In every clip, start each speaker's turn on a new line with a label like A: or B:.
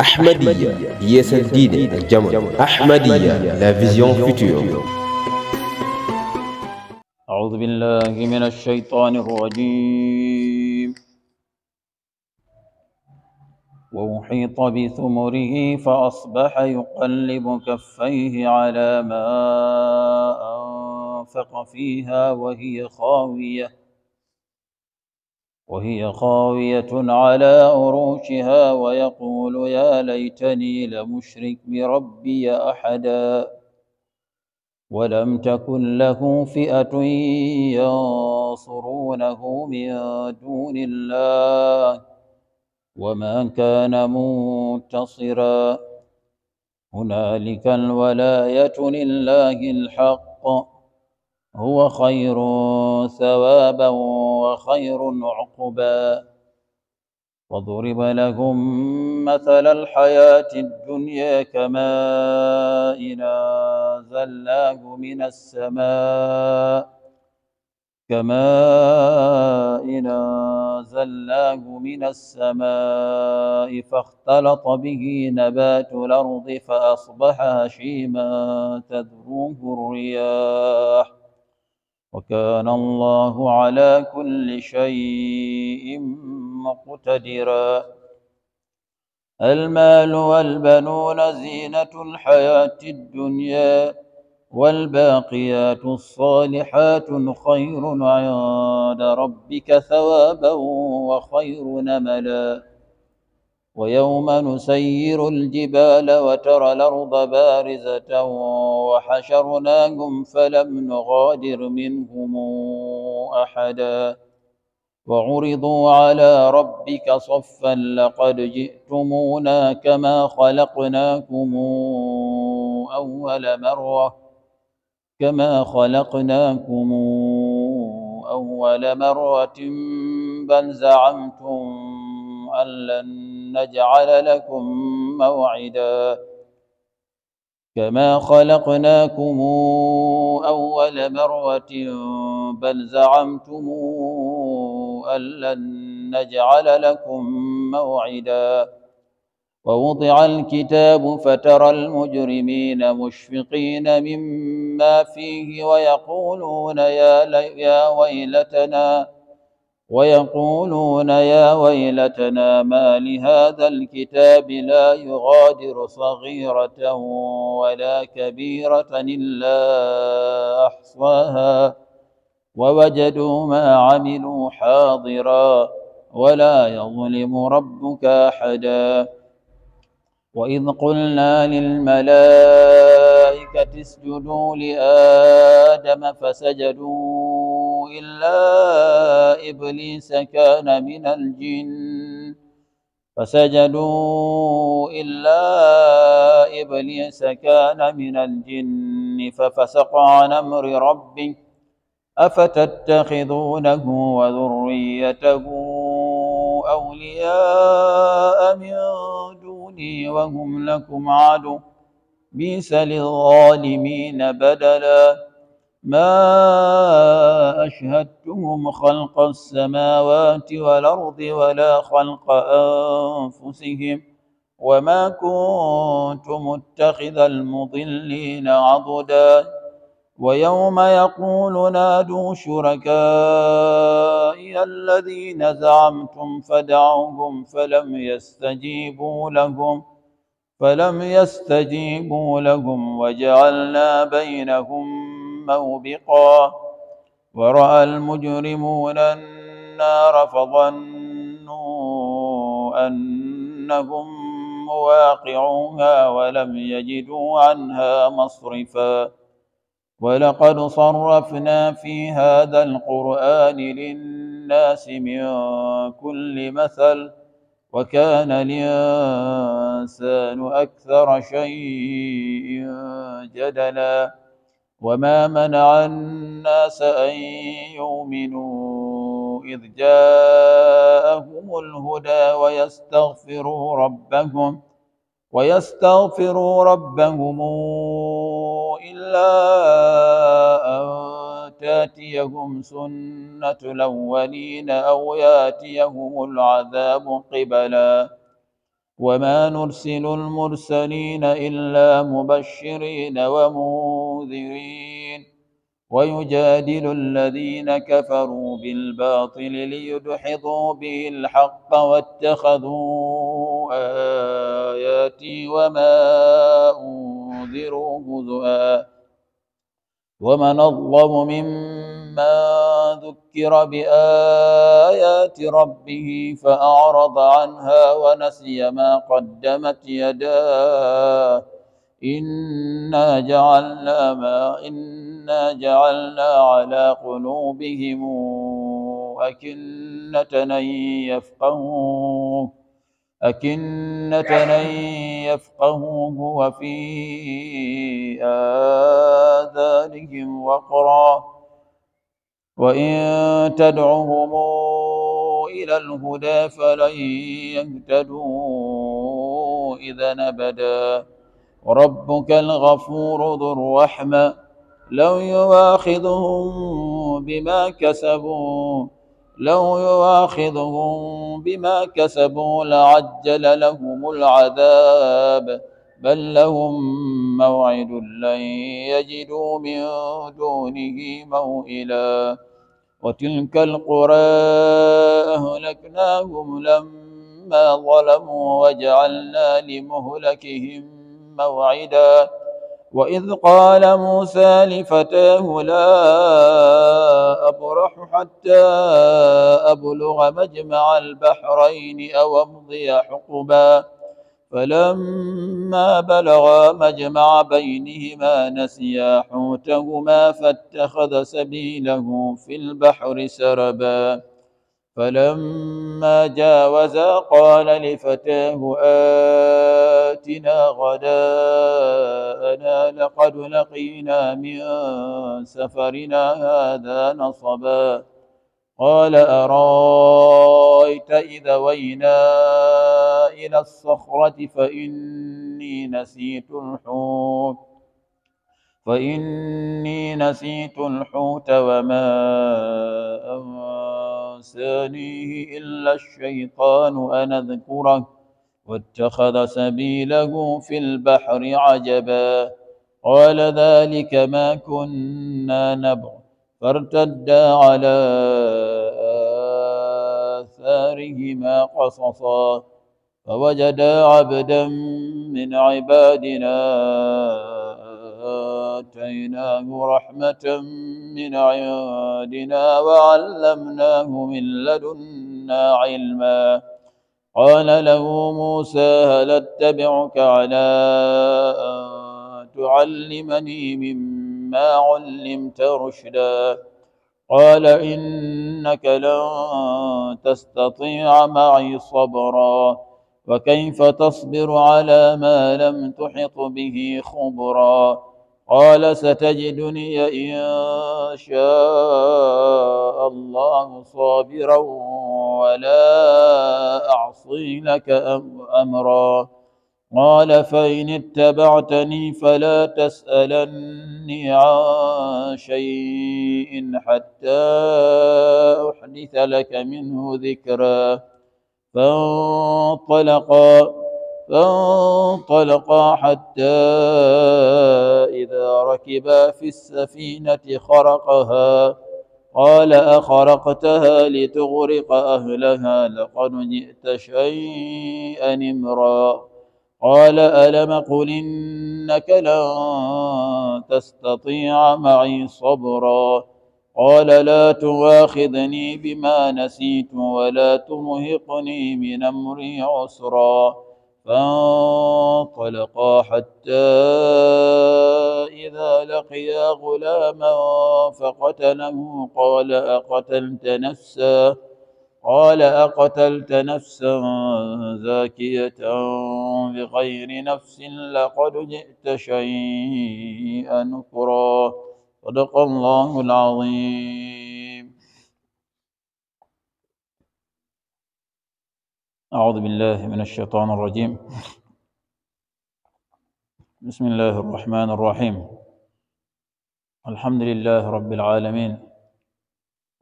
A: أحمدية Yesen Dine, الجمل أحمدية لا فيزيون فيتور أعوذ بالله من الشيطان الرجيم وأحيط بثمره فأصبح يقلب كفيه على ما أنفق فيها وهي خاوية وهي خاوية على عروشها ويقول يا ليتني لمشرك بربي أحدا ولم تكن له فئة ينصرونه من دون الله وما كان منتصرا هنالك الولاية لله الحق هو خير ثوابا وخير عقبا وضرب لهم مثل الحياة الدنيا كماء أنزلناه من السماء كماء أنزلناه من السماء فاختلط به نبات الأرض فأصبح هشيما تذروه الرياح وكان الله على كل شيء مقتدرا المال والبنون زينة الحياة الدنيا والباقيات الصالحات خير عند ربك ثوابا وخير نملاً ويوم نسير الجبال وترى الأرض بارزة وحشرناهم فلم نغادر منهم أحدا وعرضوا على ربك صفا لقد جئتمونا كما خلقناكم أول مرة كما خلقناكم أول مرة بل زعمتم أن لن نجعل لكم موعدا كما خلقناكم أول مرة بل زعمتم أن لن نجعل لكم موعدا ووضع الكتاب فترى المجرمين مشفقين مما فيه ويقولون يا, يا ويلتنا ويقولون يا ويلتنا ما لهذا الكتاب لا يغادر صغيرة ولا كبيرة إلا أحصاها ووجدوا ما عملوا حاضرا ولا يظلم ربك أحدا وإذ قلنا للملائكة اسجدوا لآدم فسجدوا إلا إبليس كان من الجن فسجدوا إلا إبليس كان من الجن ففسق عن أمر ربه أفتتخذونه وذريته أولياء من دوني وهم لكم عدو بئس للظالمين بدلاً ما أشهدتهم خلق السماوات والأرض ولا خلق أنفسهم وما كنت متخذ المضلين عضدا ويوم يقول نادوا شركائي الذين زعمتم فدعوهم فلم يستجيبوا لهم فلم يستجيبوا لهم وجعلنا بينهم موبقا ورأى المجرمون النار فظنوا أنهم مواقعوها ولم يجدوا عنها مصرفا ولقد صرفنا في هذا القرآن للناس من كل مثل وكان الإنسان أكثر شيء جدلاً وما منع الناس أن يؤمنوا إذ جاءهم الهدى ويستغفروا ربهم ويستغفروا ربهم إلا أن تاتيهم سنة الأولين أو ياتيهم العذاب قبلاً وما نرسل المرسلين إلا مبشرين ومنذرين ويجادل الذين كفروا بالباطل ليدحضوا به الحق واتخذوا آياتي وما أنذروا هزؤا ومن الله ممن من ذكر بآيات ربه فأعرض عنها ونسي ما قدمت يداه إنا جعلنا ما إنا جعلنا على قلوبهم أكنة أن يفقهوه أكنة أن يفقهوه وفي آذانهم وقرا وإن تدعهم إلى الهدى فلن يهتدوا إذا أبدا ربك الغفور ذو الرحمة لو يواخذهم بما كسبوا لو يواخذهم بما كسبوا لعجل لهم العذاب بل لهم موعد لن يجدوا من دونه موئلا وتلك القرى أهلكناهم لما ظلموا وجعلنا لمهلكهم موعدا وإذ قال موسى لفتاه لا أبرح حتى أبلغ مجمع البحرين أو أمضي حقباً فلما بلغا مجمع بينهما نسيا حوتهما فاتخذ سبيله في البحر سربا فلما جاوزا قال لفتاه آتنا غداءنا لقد لقينا من سفرنا هذا نصبا قال أرايت إذا وينا إلى الصخرة فإني نسيت الحوت فإني نسيت الحوت وما أنسانيه إلا الشيطان أن أذكره واتخذ سبيله في البحر عجبا قال ذلك ما كنا نبغي فارتدا على آثارهما قصصا فوجدا عبدا من عبادنا آتيناه رحمة من عندنا وعلمناه من لدنا علما قال له موسى هل اتبعك على أن تعلمني مما ما علمت رشدا قال إنك لن تستطيع معي صبرا وكيف تصبر على ما لم تحط به خبرا قال ستجدني إن شاء الله صابرا ولا أعصي لك أمرا قال فإن اتبعتني فلا تسألني عن شيء حتى أحدث لك منه ذكرا فانطلقا فانطلقا حتى إذا ركبا في السفينة خرقها قال أخرقتها لتغرق أهلها لقد جئت شيئا امرا قال ألم قل إنك لن تستطيع معي صبرا قال لا تواخذني بما نسيت ولا تمهقني من أمري عسرا فانطلقا حتى إذا لقيا غلاما فقتله قال أقتلت نفسا قال أقتلت نفسا زاكية بغير نفس لقد جئت شيئا نكرا صدق الله العظيم أعوذ بالله من الشيطان الرجيم بسم الله الرحمن الرحيم الحمد لله رب العالمين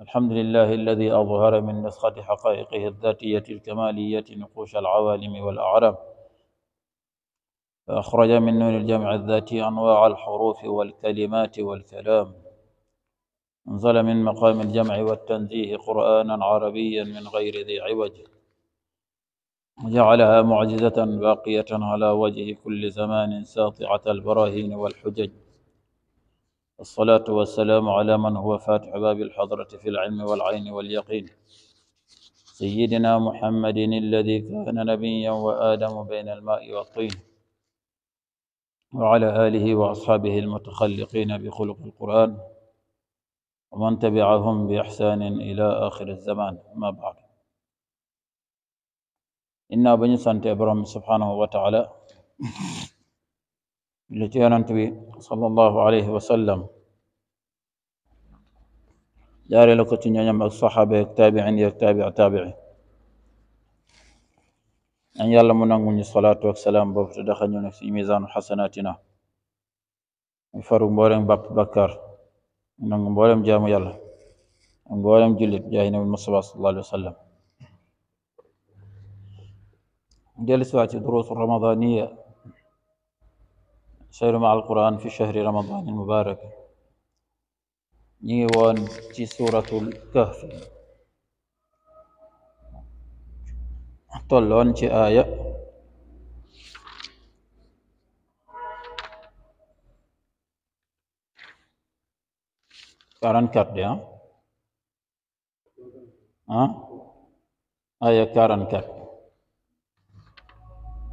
A: الحمد لله الذي أظهر من نسخة حقائقه الذاتية الكمالية نقوش العوالم والأعرام فأخرج من نور الجمع الذاتي أنواع الحروف والكلمات والكلام انزل من مقام الجمع والتنزيه قرآنا عربيا من غير ذي عوج جعلها معجزة باقية على وجه كل زمان ساطعة البراهين والحجج الصلاة والسلام على من هو فاتح باب الحضرة في العلم والعين واليقين سيدنا محمد الذي كان نبيا وآدم بين الماء والطين وعلى آله وأصحابه المتخلقين بخلق القرآن ومن تبعهم بإحسان إلى آخر الزمان ما بعد إنا بني تبرم إبراهيم سبحانه وتعالى التي أنت صلى الله عليه وسلم جاري لك تنين مع الصحابة يكتاب عن يكتاب تابعي أن يلا من الصلاة والسلام بفت دخلنا في ميزان حسناتنا يفرق بولم باب بكر نعم بولم جام يلا بولم جلد جاهنا من مصر صلى الله عليه وسلم جلسوا على دروس رمضانية سير مع القرآن في شهر رمضان المبارك نيوان تي سورة الكهف طلون تي آية كارن كرد ها ها آية كارن كرد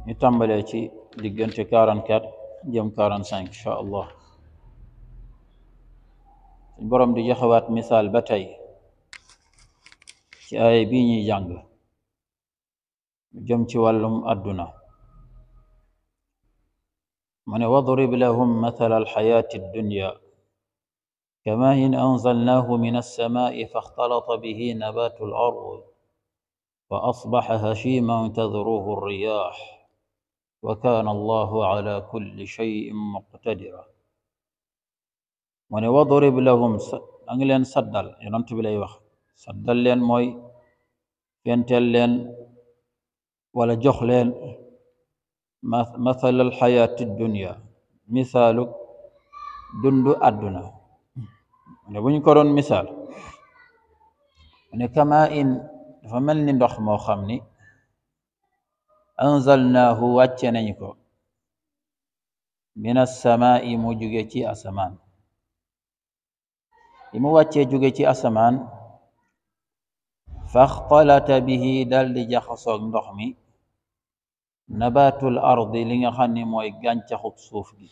A: يتم بلاتي دقنتي كارن كرد jëm 45 ان شاء الله borom di joxewat misal batay ci ay bi ñi jang jëm ci walum aduna من وضرب لهم مثل الحياة الدنيا كما إن أنزلناه من السماء فاختلط به نبات الأرض فأصبح هشيما تذروه الرياح وكان الله على كل شيء مقتدرا من وضرب لهم انجلن صدل يونت بلاي واخ صدل لين موي فينتل لين ولا جخ لين مثل الحياه الدنيا مثال دندو ادنا من بو نكون مثال ان كما ان فمن ندخ مو خامني أنزلناه واتنينك من السماء مجوجتي أسمان إمو واتي جوجتي أسمان فاختلت به دل جخصوك نخمي نبات الأرض لنغا خاني موي غانتخوك سوف دي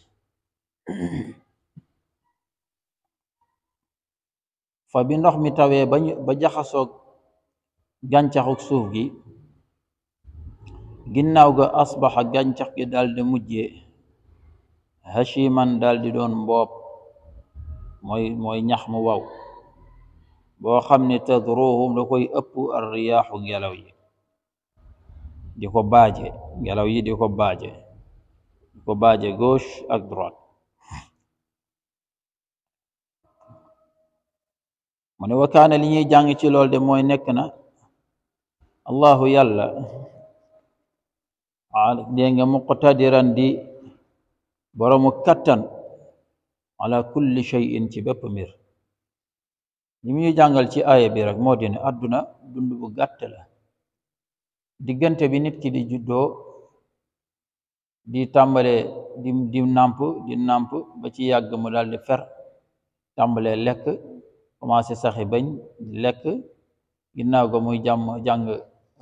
A: توي bi جانتا mi ginnaw ga asbaha gàncax gi daldi mujje hashiman daldi don mboob moy moy ñax mu waw bo xamni tadruhum da koy ëpp ar riyah gelaw yi diko baaje gelaw yi diko baaje ko baaje gauche ak droite mané ne li ñi jàng ci lol de moy nek na الله يلا dégg nga muqtadiran di boromu kattan ala kulli shay'in ci bépp mbir li mu ñu jàngal ci aaya bi rek moo di ne àdduna dund bu gàtt la diggante bi nit ki di juddoo di tàmbale di nàmp di nàmp ba ci yàgg mu daal di fer tàmbale lekk commencé saxi bañ lekk ginnaaw ga muy jàmm jàng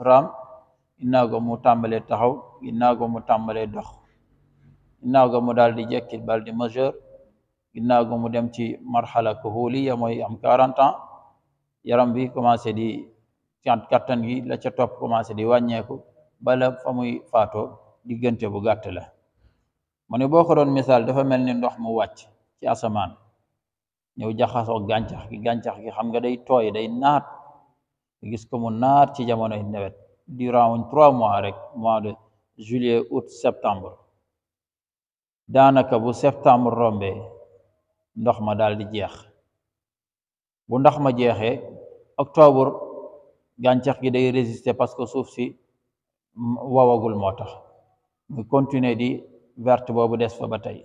A: raam ginnaaw ga mu tàmbalee taxaw ginnaaw ga mu tàmbalee dox ginnaaw ga mu daal di jekki daal di majeur ginnaaw ga mu dem ci marxala kuhuliya mooy am quarante ans yaram bi commencé di cant kattan gi la ca topp commencé di wàññeeku bala fa muy faatoo diggante bu gàtt la mu ne boo doon misaal dafa mel ni ndox mu wàcc ci asamaan ñëw jaxasoo gàncax gi gàncax gi xam nga day tooy day naat gis ko mu naat ci jamonoy nawet durant wuñ trois mois rek mois de juillet août septembre daanaka bu septembre rombe ndox ma daal di jeex bu ndax ma jeexee octobre gàncax gi day résister parce que suuf si wowagul moo tax mu continuer di verte boobu des fa ba tey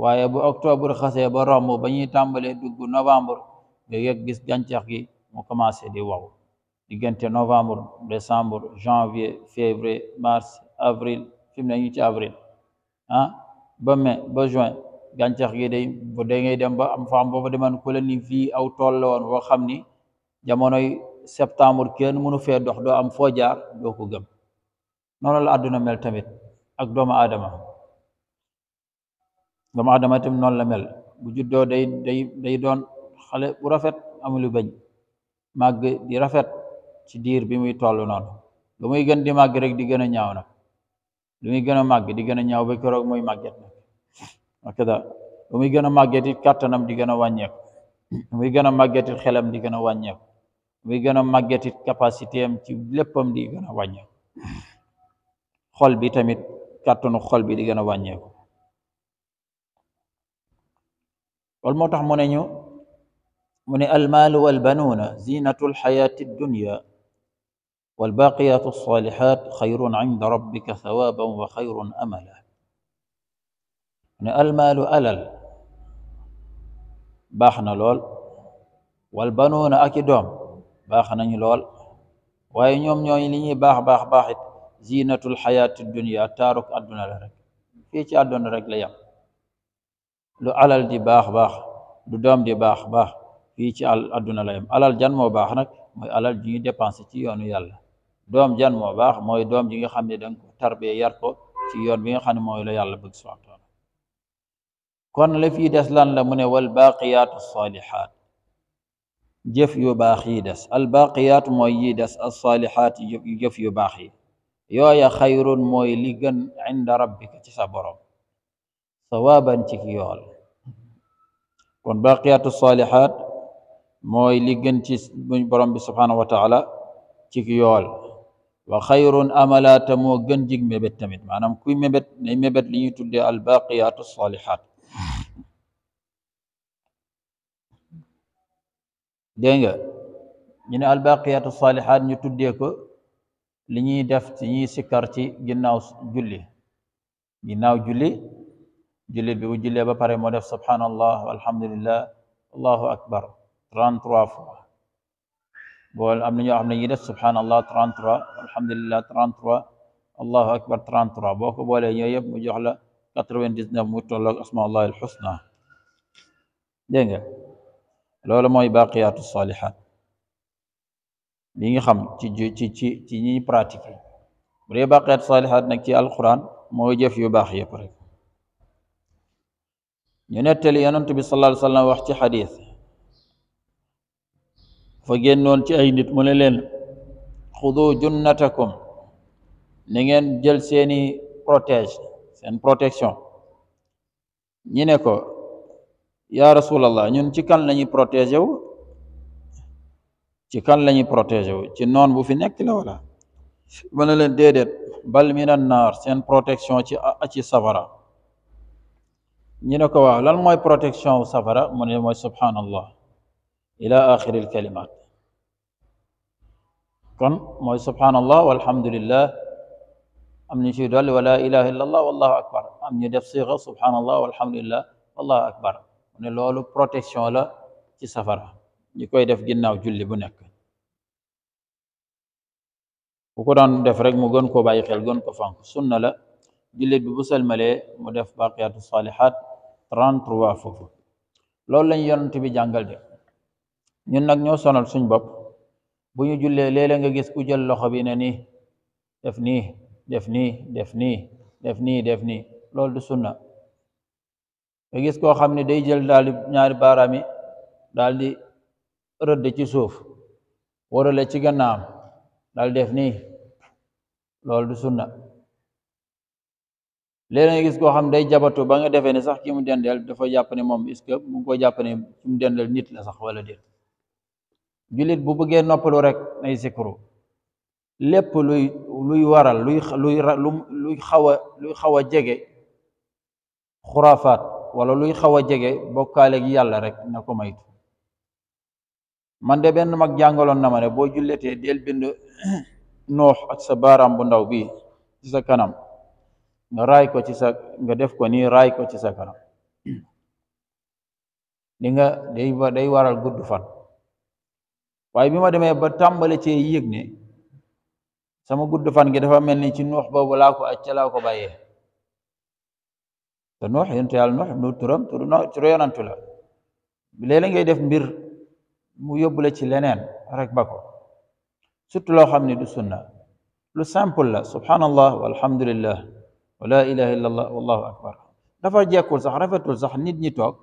A: waaye bu octobre xasee ba romb ba ñuy tàmbalee dugg novembre nga gis gàncax gi mu commencé di wow diggante novembre décembre janvier février mars avril fi mu ne ñu ci avril ah ba mai ba juin gàncax gi day bu dee ngay dem ba am faam booba deman ku leen ni fii aw tool la woon boo xam ni jamonoy septembre kenn mënu fee dox doo am foo jaar doo ko gëm la àdduna mel tamit ak doomu aadama doomu aadama tamit noonu la mel bu juddoo day day day doon xale bu rafet amulu bañ màgg di rafet ci diir bi muy tollu noonu lu muy gën di màgg rek di gën a ñaaw nag lu muy gën a màgg di gën a ñaaw ba keroog muy màgget nag akada lu muy gën a màgget kàttanam di gën a wàññeeku lu muy gën a màgget xelam di gën a wàññeeku lu muy gën a màgget capacité am ci léppam di gën a wàññeeku xol bi tamit kàttanu xol bi di gën a wàññeeku loolu moo tax mu ne ñu mu ne almaalu walbanuuna zinatu alxayaati dunya والباقيات الصالحات خير عند ربك ثوابا وخير املا يعني المال ألل baax na lool wal banuuna ak i doom baax nañ lool waaye ñoom ñooñ li ñuy baax baax baax it zinatul xayaati dunia taaruk àdduna la rek fii ci àdduna rek la yam lu alal di baax baax lu doom di baax baax fii ci àdduna la yam alal jan moo baax nag mooy alal ju ñu dépensé ci yoonu yàlla doom jan moo baax mooy doom ji nga xam ne danga ko tarbiya yar ko ci yoon bi nga xam ne mooy la yàlla bëgg subhaanahu wa taala kon la fii des lan la mu ne wal baaqiyaatu saalihaat jëf yu baax yi des al baaqiyaatu mooy yi des as saalihaat jëf yu baax yi yooya xayrun mooy li gën inda rabbika ci sa borom sawaaban ci ki yool kon baaqiyaatu saalihaat mooy li gën ci borom bi subhaanahu wa taala ci ki yool وخير املا تمو گنجيك ميبت تاميت مانام كوي ميبت ني ميبت لي تودي الباقيات الصالحات دينغا ني الباقيات الصالحات ني تودي كو لي ني داف تي ني سيكار تي گيناو جولي گيناو جولي جولي بي وجولي با بار مو داف سبحان الله والحمد لله الله اكبر 33 فوا بول ام نيو ام نيو سبحان الله ترانترا الحمد لله ترانترا الله اكبر ترانترا بوكو بول نيو ييب مو جوخلا 99 مو تولك اسماء الله الحسنى دينغ لولا موي باقيات الصالحات ليغي خام تي تي تي تي ني براتيك بري باقيات الصالحات نك تي القران موي جيف يو باخ ييب رك ني نتالي صلى الله عليه وسلم واخ حديث fa noon ci ay nit mu ne leen xudu junnatakum ni ngeen jël seeni protège seen protection ñi ne ko yaa rasulallah ñun ci kan lañuy protégé wu ci kan lañuy protégé wu ci noon bu fi nekk la wala mu ne leen déedéet bal minan naar seen protection ci ci safara ñi ne ko waaw lan mooy protection wu safara mu ne mooy subhanallah إلى آخر الكلمات كن موي سبحان الله والحمد لله أمني نشهد أن لا إله إلا الله والله أكبر أمني ندف صيغة سبحان الله والحمد لله والله أكبر من لولو بروتكسيون لا في سفر نيكوي ديف غيناو جولي بو نيك كوكو دان ديف رك مو غن كو باي خيل غن كو فانك سنة لا جليت بو بوسال مالي مو ديف باقيات الصالحات 33 فوفو لول لا نيونتي بي جانغال ديف ñun nag ñoo sonal suñ bopp bu ñu jullee léeg nga gis ku jël loxo bi ne nii def nii def nii def nii def nii def nii loolu du sunna nga gis koo xam ne day jël daal ñaari baaraam yi daal di rëdd ci suuf warale ci gannaam daal def nii loolu du sunna léeg-léeg nga gis koo xam day jabatu ba nga defee ne sax ki mu dendeel dafa jàpp ne moom est-ce mu jàpp ne mu dendeel nit la sax wala déet jullit bu bëggee noppalu rek nay zikru lépp luy luy waral luy luy luy xaw a luy xaw a jege xuraafaat wala luy xaw a jege bokkaale gi yàlla rek na ko maytu man de benn mag jàngaloon na ma ne boo julletee del bind noox ak sa baaraam bu ndaw bi ci sa kanam nga raay ko ci sa nga def ko ni raay ko ci sa kanam li nga day day waral gudd fan way bima demé ba tàmbale ci yegné sama gudd fan gi dafa melni ci nuux bobu la ko acca la ko bayé te nuux yent yàlla nuux no turam turu no turu yonantu la léeg-léeg ngay def mbir mu yóbbu ci lenen rek bako surtout lo xam du sunna lu simple la subhanallah walhamdulillah wala ilaha illallah wallahu akbar dafa jekul sax rafetul sax nit ñi tok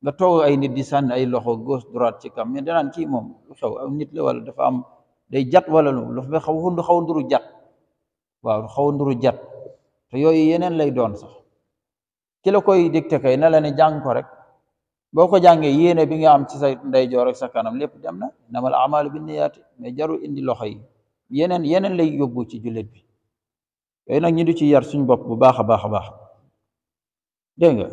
A: nga toog ay nit di sànni ay loxo gauche droite ci kam mais danaan kii moom lu xew ak nit la wala dafa am day jat wala lu lu xaw a xaw nduru jat waaw xaw nduru jat te yooyu yeneen lay doon sax ki la koy dicté kay na la ne jàng ko rek boo ko jàngee yéene bi nga am ci sa ndeyjoor rek sa kanam lépp dem na namal amalu bi niyaati mais jaru indi loxo yi yeneen yeneen lay yóbbu ci jullit bi yooyu nag ñu di ci yar suñ bopp bu baax a baax a baax nga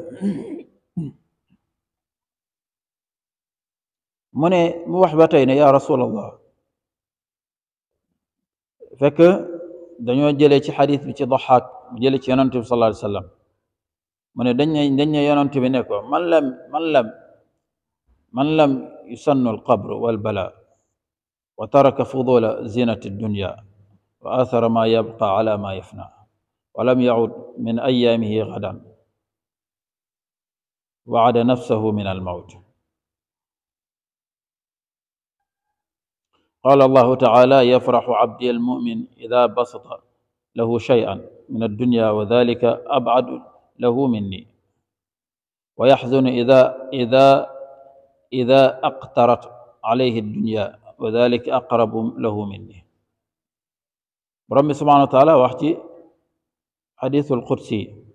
A: مني موحبتين يا رسول الله فك دنيا جيلي حديث بي ضحك جيلي شي صلى الله عليه وسلم من دانيا دانيا يونس بي من لم من لم من لم يسن القبر والبلاء وترك فضول زينة الدنيا وآثر ما يبقى على ما يفنى ولم يعد من أيامه غدا وعد نفسه من الموت قال الله تعالى يفرح عبدي المؤمن إذا بسط له شيئا من الدنيا وذلك أبعد له مني ويحزن إذا إذا إذا أقترت عليه الدنيا وذلك أقرب له مني رب سبحانه وتعالى وحدي حديث القدسي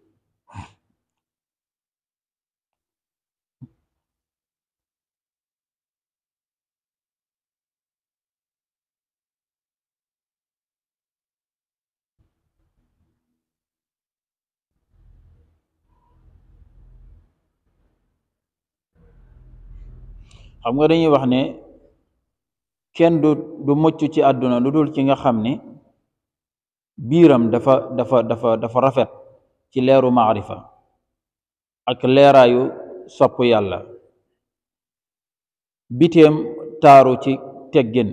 A: xam nga dañuy wax ne kenn du du mucc ci àdduna lu dul ki nga xam ne biiram dafa dafa dafa dafa rafet ci leeru maarifa ak leeraayu sopp yàlla biteem taaru ci teggin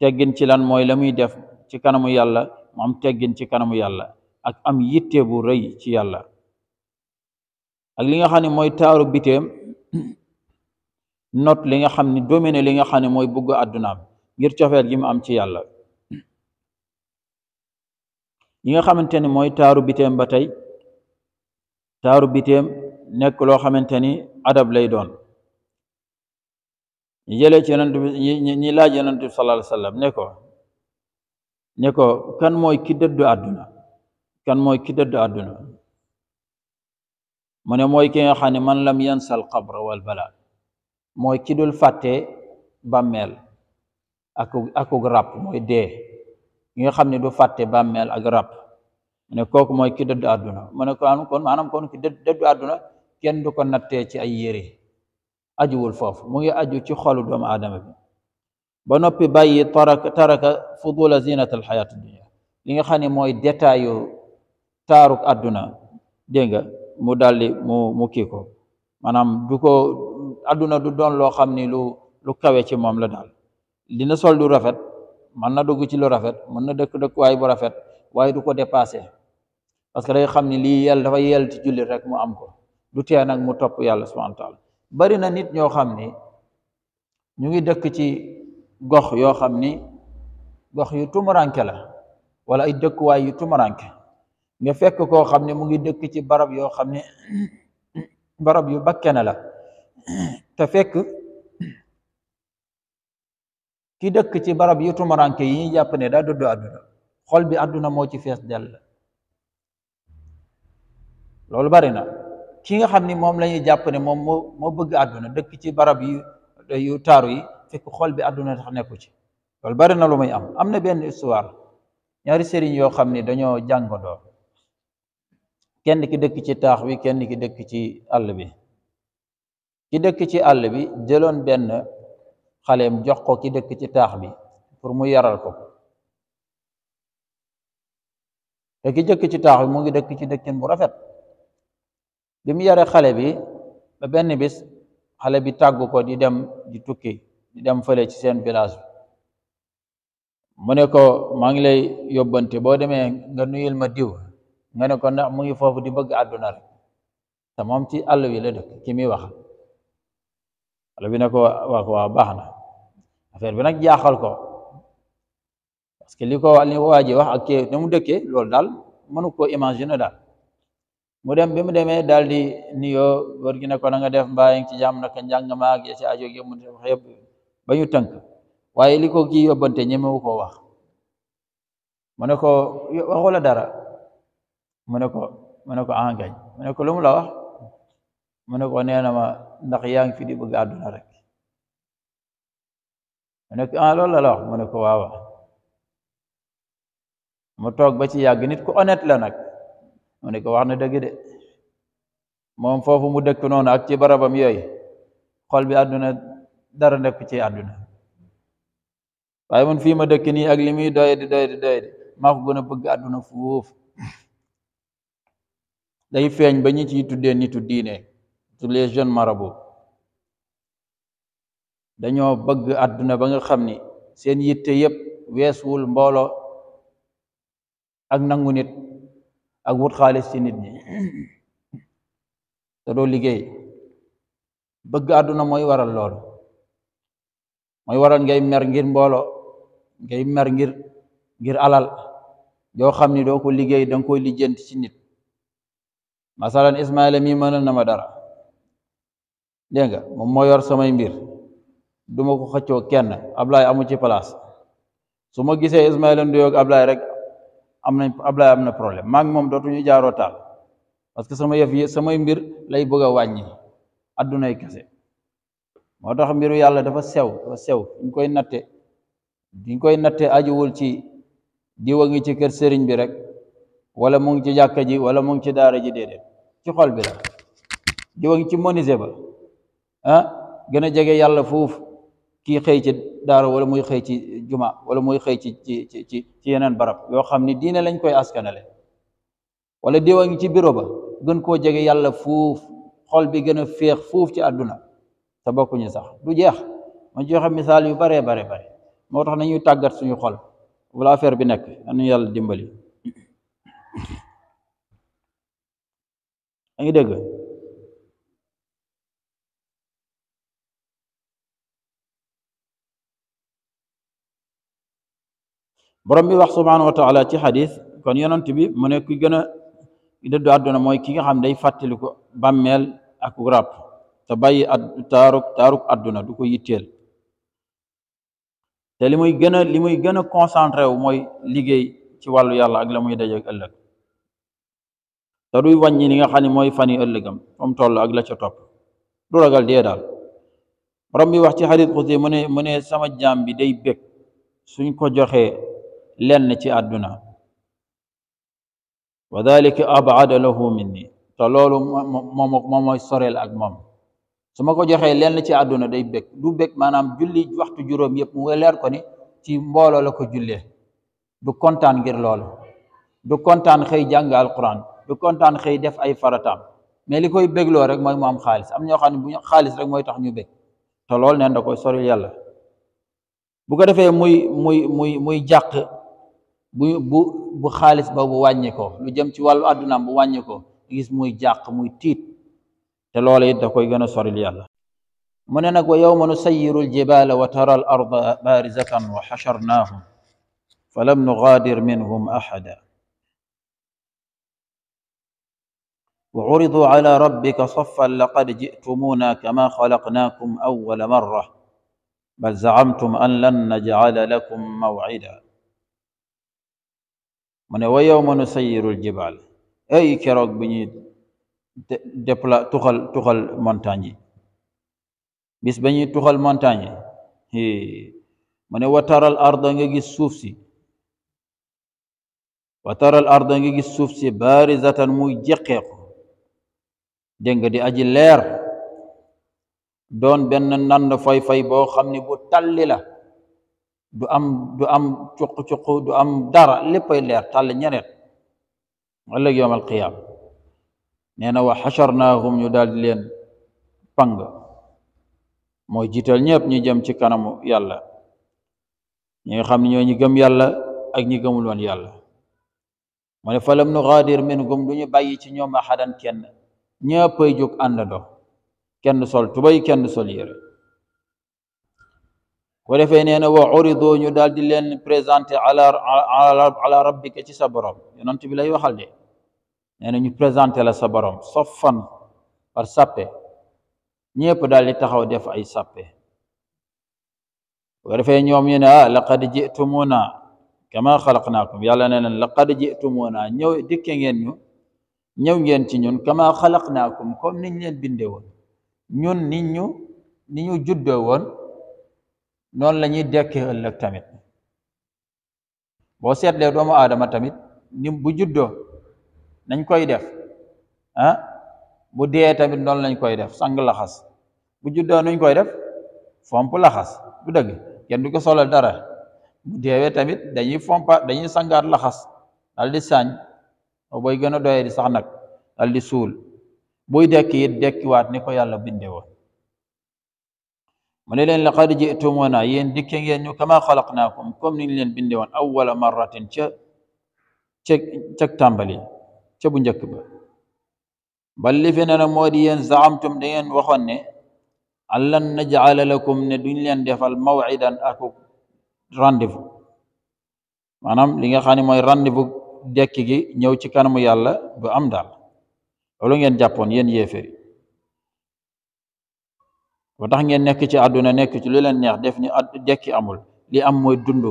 A: teggin ci lan mooy la muy def ci kanamu yàlla moom am teggin ci kanamu yàlla ak am yitte bu rëy ci yàlla ak li nga xam ne mooy taaru biteem not li nga xamni ne dominer li nga xamni moy mooy bëgg addunaam ngir cofeel gi mu am ci yàlla yi nga xamanteni moy taru bitem batay taru bitem nek lo xamanteni adab lay doon ñi jëlee ci yonent bi ñi laaj yonent sallallahu alayhi wasallam ne ko ne ko kan moy ki dëddu aduna kan moy ki dëddu aduna mu moy ki nga xamni man lam yansal qabr wal balad mooy ki dul fàtte bàmmeel ak akug ràpp mooy dee ñi xam ne du fàtte bàmmeel ak ràpp mu ne kooku mooy ki dëddu àdduna mu ne ko kon maanaam kon ki dëddu àdduna kenn du ko nattee ci ay yére ajuwul foofu mu ngi aju ci xolu doomu adama bi ba noppi bàyyi taraka taraka fudula zinat al xayaat dunia li nga xam ni mooy detaayu taaruk àdduna dégg mu daldi mu mu kii ko àdduna du doon loo xam ni lu lu kawe ci moom la daal dina sol lu rafet mën na dugg ci lu rafet mën na dëkk dëkkuwaay bu rafet waaye du ko dépasé parce que day xam ni lii yàlla dafa yell ci jullit rek mu am ko du tee nag mu topp yàlla subhanahu wa bari na nit ñoo xam ni ñu ngi dëkk ci gox yoo xam ni gox yu tumuranke la wala ay dëkkuwaay yu tumuranke nga fekk koo xam ne mu ngi dëkk ci barab yoo xam ne barab yu bakkene la te fekk ki dëkk ci barab yu tumaranke yi ñuy jàpp ne daa dëddu àdduna xol bi àdduna moo ci fees dell loolu bari na ki nga xam ni moom lañuy jàpp ne moom moo moo bëgg àdduna dëkk ci barab yu yu taaru yi fekk xool bi àdduna tax nekku ci loolu bari na lu muy am am na benn histoire ñaari sëriñ yoo xam ni dañoo jàngandoo kenn ki dëkk ci taax wi kenn ki dëkk ci àll bi ki dëkk ci àll bi jëloon benn xaleem jox ko ki dëkk ci taax bi pour mu yaral ko te ki dëkk ci taax bi ngi dëkk ci dëkkin bu rafet bi yare xale bi ba benn bis xale bi tàggu ko di dem di tukki di dem fële ci seen village mu ne ko maa ngi lay yóbbante boo demee nga ma diw nga ne ko ndax mu ngi foofu di bëgg àdduna rek te moom ci àll bi la dëkk ki muy xale bi ne ko waa ko waa baax na affaire bi nag jaaxal ko parce que li ko li waa ji wax ak kii ni mu dëkkee loolu daal mënu ko imaginer daal mu dem ba mu demee daal di nuyoo góor gi ne ko na nga def mbaa ngi ci jàmm naka njàng ma ak ci aajo gi mu yëpp ba ñu tënk waaye li ko kii yóbbante ñemewu koo wax mu ne ko waxu dara mu ne ko mu ne ko ah, mu ne ko lu wax mu ne ko nee naqyang fidi baga adunarak manak ala ah, la la ko wawa mu tok ba ci yag nit ku honnête la nak mané ko wax na dëgg de moom foofu mu dekk non ak ci barabam yoy xol bi aduna dara nek ci aduna waaye mon fi ma dekk ni ak limi doye di doye di doye di ma ko gëna bëgg aduna fofu day feñ ba nitu diiné les jeunes marabouts dañu bëgg aduna ba nga xamni seen yitté yépp weesuwul mbolo ak nangu nit ak wut xaaliss ci nit ñi da do liggéey bëgg aduna moy waral lool moy waral ngay mer ngir mbolo ngay mer ngir ngir alal yo xamni do ko liggéey dang koy lijjanti ci nit masalan Ismaila mi manal na ma dégg nga moom moo yor samay mbir duma ko xëccoo kenn ablay amu ci place suma gisee Ismaïla Ndoye ak ablay rek amna ablay amna problème mak mom dotu ñu jaaro taal parce que sama yef yi samay mbir lay bëgg a wàññi addunay kese tax mbiru yalla dafa sew dafa sew ñu koy natte ñu koy natte ajuwul ci diwa ngi ci kër sëriñ bi rek wala mo ngi ci jàkka ji wala mo ngi ci daara ji déedéet ci xol bi la diwa ngi ci moniser ba ah gën a jege yàlla foofu kii xëy ci daara wala muy xëy ci juma wala muy xëy ci ci ci ci ci yeneen barab yoo xam ni diine lañ koy askanale wala a ngi ci bureau ba gën koo jege yàlla fuuf xol bi gën a féex fuuf ci àdduna te bokkuñu sax du jeex ma joxe misaal yu baree bare bare moo tax na ñuy tàggat suñu xol wala affaire bi nekk anu yàlla dimbali a ngi dégg borom bi wax subhaanahu wa taala ci xadis kon yonent bi mu ne ku gën a dëddu àdduna mooy ki nga xam day fàttali ko bàmmeel ak ràpp te bàyyi at taaruk taaruk àdduna du ko yitteel te li muy gën a li muy gën a concentré wu mooy liggéey ci wàllu yàlla ak la muy dajeeg ëllëg te duy wàññi li nga xam ne mooy fani ëllëgam comme toll ak la ca topp du ragal dee daal borom bi wax ci xadis xusi mu mu ne sama jaam bi day bég suñ ko joxee lenn ci àdduna wa dalika abada lahu minni te loolu moom moom mooy soreel ak moom su ma ko joxee lenn ci àdduna day bég du bég maanaam julli waxtu juróom yëpp mu leer du kontaan ngir loolu du kontaan xëy jàng alquran du kontaan xëy def ay farataam mais li koy bégloo rek mooy mu am xaalis am ñoo xam bu ñu rek mooy tax ñu bég te loolu neen da koy yàlla bu ko defee muy muy muy muy jàq bu bu bu xaalis ba bu wàññi ko lu jëm ci walu aduna bu wàññi ko gis muy jàq muy tit te lolé da koy gëna a soril yàlla mune nak wa yawma nusayyirul jibala wa tara al arda barizatan wa hasharnahum falam nughadir minhum axada وعرضوا على ربك صفا لقد جئتمونا كما خلقناكم أول مرة بل زعمتم أن لن نجعل لكم موعدا من ويوم نسير الجبال اي كروك بني دبلا تخل تخل مونتاني بس بني تخل مونتاني من وتر الارض نجي السوفسي وتر الارض نجي السوفسي بارزة موي جقيق دنگ دي اجي لير دون بن نان فاي فاي بو خامني بو تالي لا du am du am cuq-cuq du am dara léppay leer tàll ñaneet ëllëg yowm alqiyaam nee na wa xacharnaahum ñu daal di leen pang mooy jiital ñépp ñu jëm ci kanamu yàlla ñi xam ne ñoo ñi gëm yàlla ak ñi gëmuloon woon yàlla mu ne falam nu gaadir minhum du ñu bàyyi ci ñoom ahadan kenn ñëppay jóg ànd do kenn sol tubay kenn sol yére ko defee nee na wa urido ñu daal di leen présenté ala ala rabbika ci sa borom yonent bi lay waxal de nee na ñu présenté la sa borom soffan par sappe
B: ñëpp daal di taxaw def
A: ay sappe ko defee ñoom ñu ne ah laqad jitumuna kama xalaqnaakum yàlla nee na laqad jitumuna ñëw dikke ngeen ñu ñëw ngeen ci ñun kama xalaqnaakum comme niñ leen binde woon ñun ni ñu ni woon noonu la ñuy dekkee ëllëg tamit boo seetlee doomu aadama tamit ni bu juddoo nañ koy def ah bu dee tamit noonu lañ koy def sang laxas bu juddoo nuñ koy def fomp laxas bu dëgg kenn du ko solal dara bu deewee tamit dañuy fompa dañuy sangaat laxas dal di sañ booy gën a doyee di sax nag dal di suul buy dekk it dekkiwaat ni ko yàlla bindee من لين لقد جئتمونا ين دكين ين كما خلقناكم كم من لين بندوان أول مرة تشك تشك تنبلي تشبون جكبا بل لفنا نمودي ين زعمتم دين وخني ألن نجعل لكم ندين لين دفال موعدا أكو راندفو maanaam li nga xam ne mooy rendez-vous dekk gi ñëw ci kanamu yàlla bu am daal loolu ngeen jàppoon yéen yéeféri ba tax ngeen nekk ci àdduna nekk ci lu leen neex def ni dekki amul li am mooy dund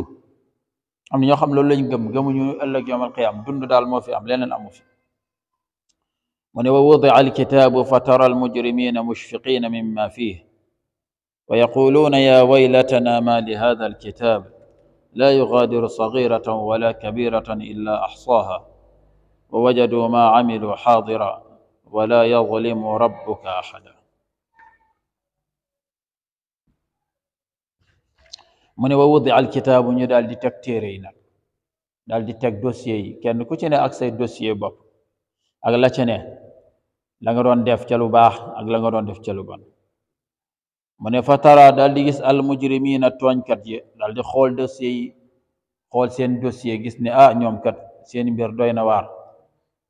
A: am na ñoo xam loolu lañ gëm gëmuñu ëllëg yawmal qiyaam dund daal moo fi am leneen amu fi mu ne wa wudia alkitaabu fa tara almujrimina mushfiqina mimma fiih wa yaquluuna ya waylatana ma li hada alkitab la yugaadiru sagiratan wala kabiratan illa axsaaha wa wajaduu ma camiluu xaadira wala yadlimu rabbuka axada mu ne wa wudi al kitaabu ñu daal di teg téere yi nag daal di teg dossier yi kenn ku ci ne ak say dossier bopp ak la ci ne la nga doon def ca lu baax ak la nga doon def ca lu bon mu ne fatara daal di gis al mujrimina tooñkat yi dal di xool dossier yi xool seen dossier gis ne ah ñoom kat seen mbir doy na waar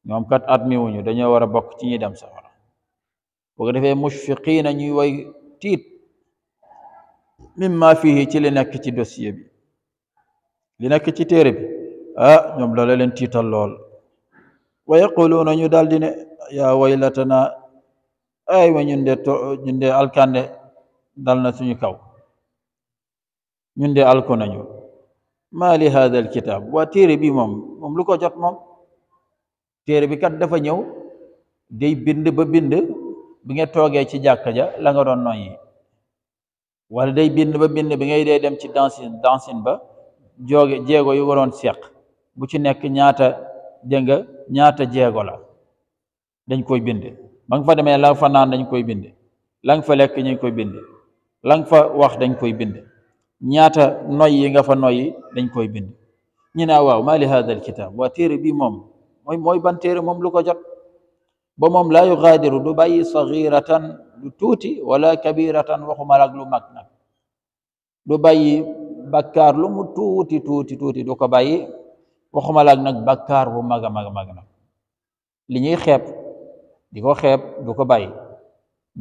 A: ñoom kat admi wuñu dañoo war a bokk ci ñuy dem safara bu defee mushfiqiina ñuy way tiit min ma fihi ci li nekk ci dossier bi li nekk ci téere bi ah ñoom loola leen tiital lool wa yaquluuna ñu daal di ne yaa waylatana ay wa ñun de to ñun de alkande dal na suñu kaw ñun de alko nañu maa li hada alkitab wa téere bi moom moom lu ko jot moom téere bi kat dafa ñëw day bind ba bind bi nga toogee ci jàkka ja la nga doon noyyi wala day bind ba bind bi ngay dee dem ci dansin dansin ba jooge jéego yu waroon seq bu ci nekk ñaata dégg ñaata jéego la dañ koy bind ba nga fa demee la fa naan dañ koy bind la nga fa lekk ñu koy bind la nga fa wax dañ koy bind ñaata noy yi nga fa noyyi dañ koy bind ñu ne ah, waaw maa li haadal kitaab waa téere bi moom mooy mooy ban téere moom lu ko jot ba moom laa yugaadiru du bàyyi saxiratan du tuuti wala kabiratan waxuma lag lu mag nag du bàyyi bakkaar lu tuuti tuuti tuuti du ko bàyyi waxuma lag nag bakkaar bu mag a mag a mag nag li ñuy xeeb di ko xeeb du ko bàyyi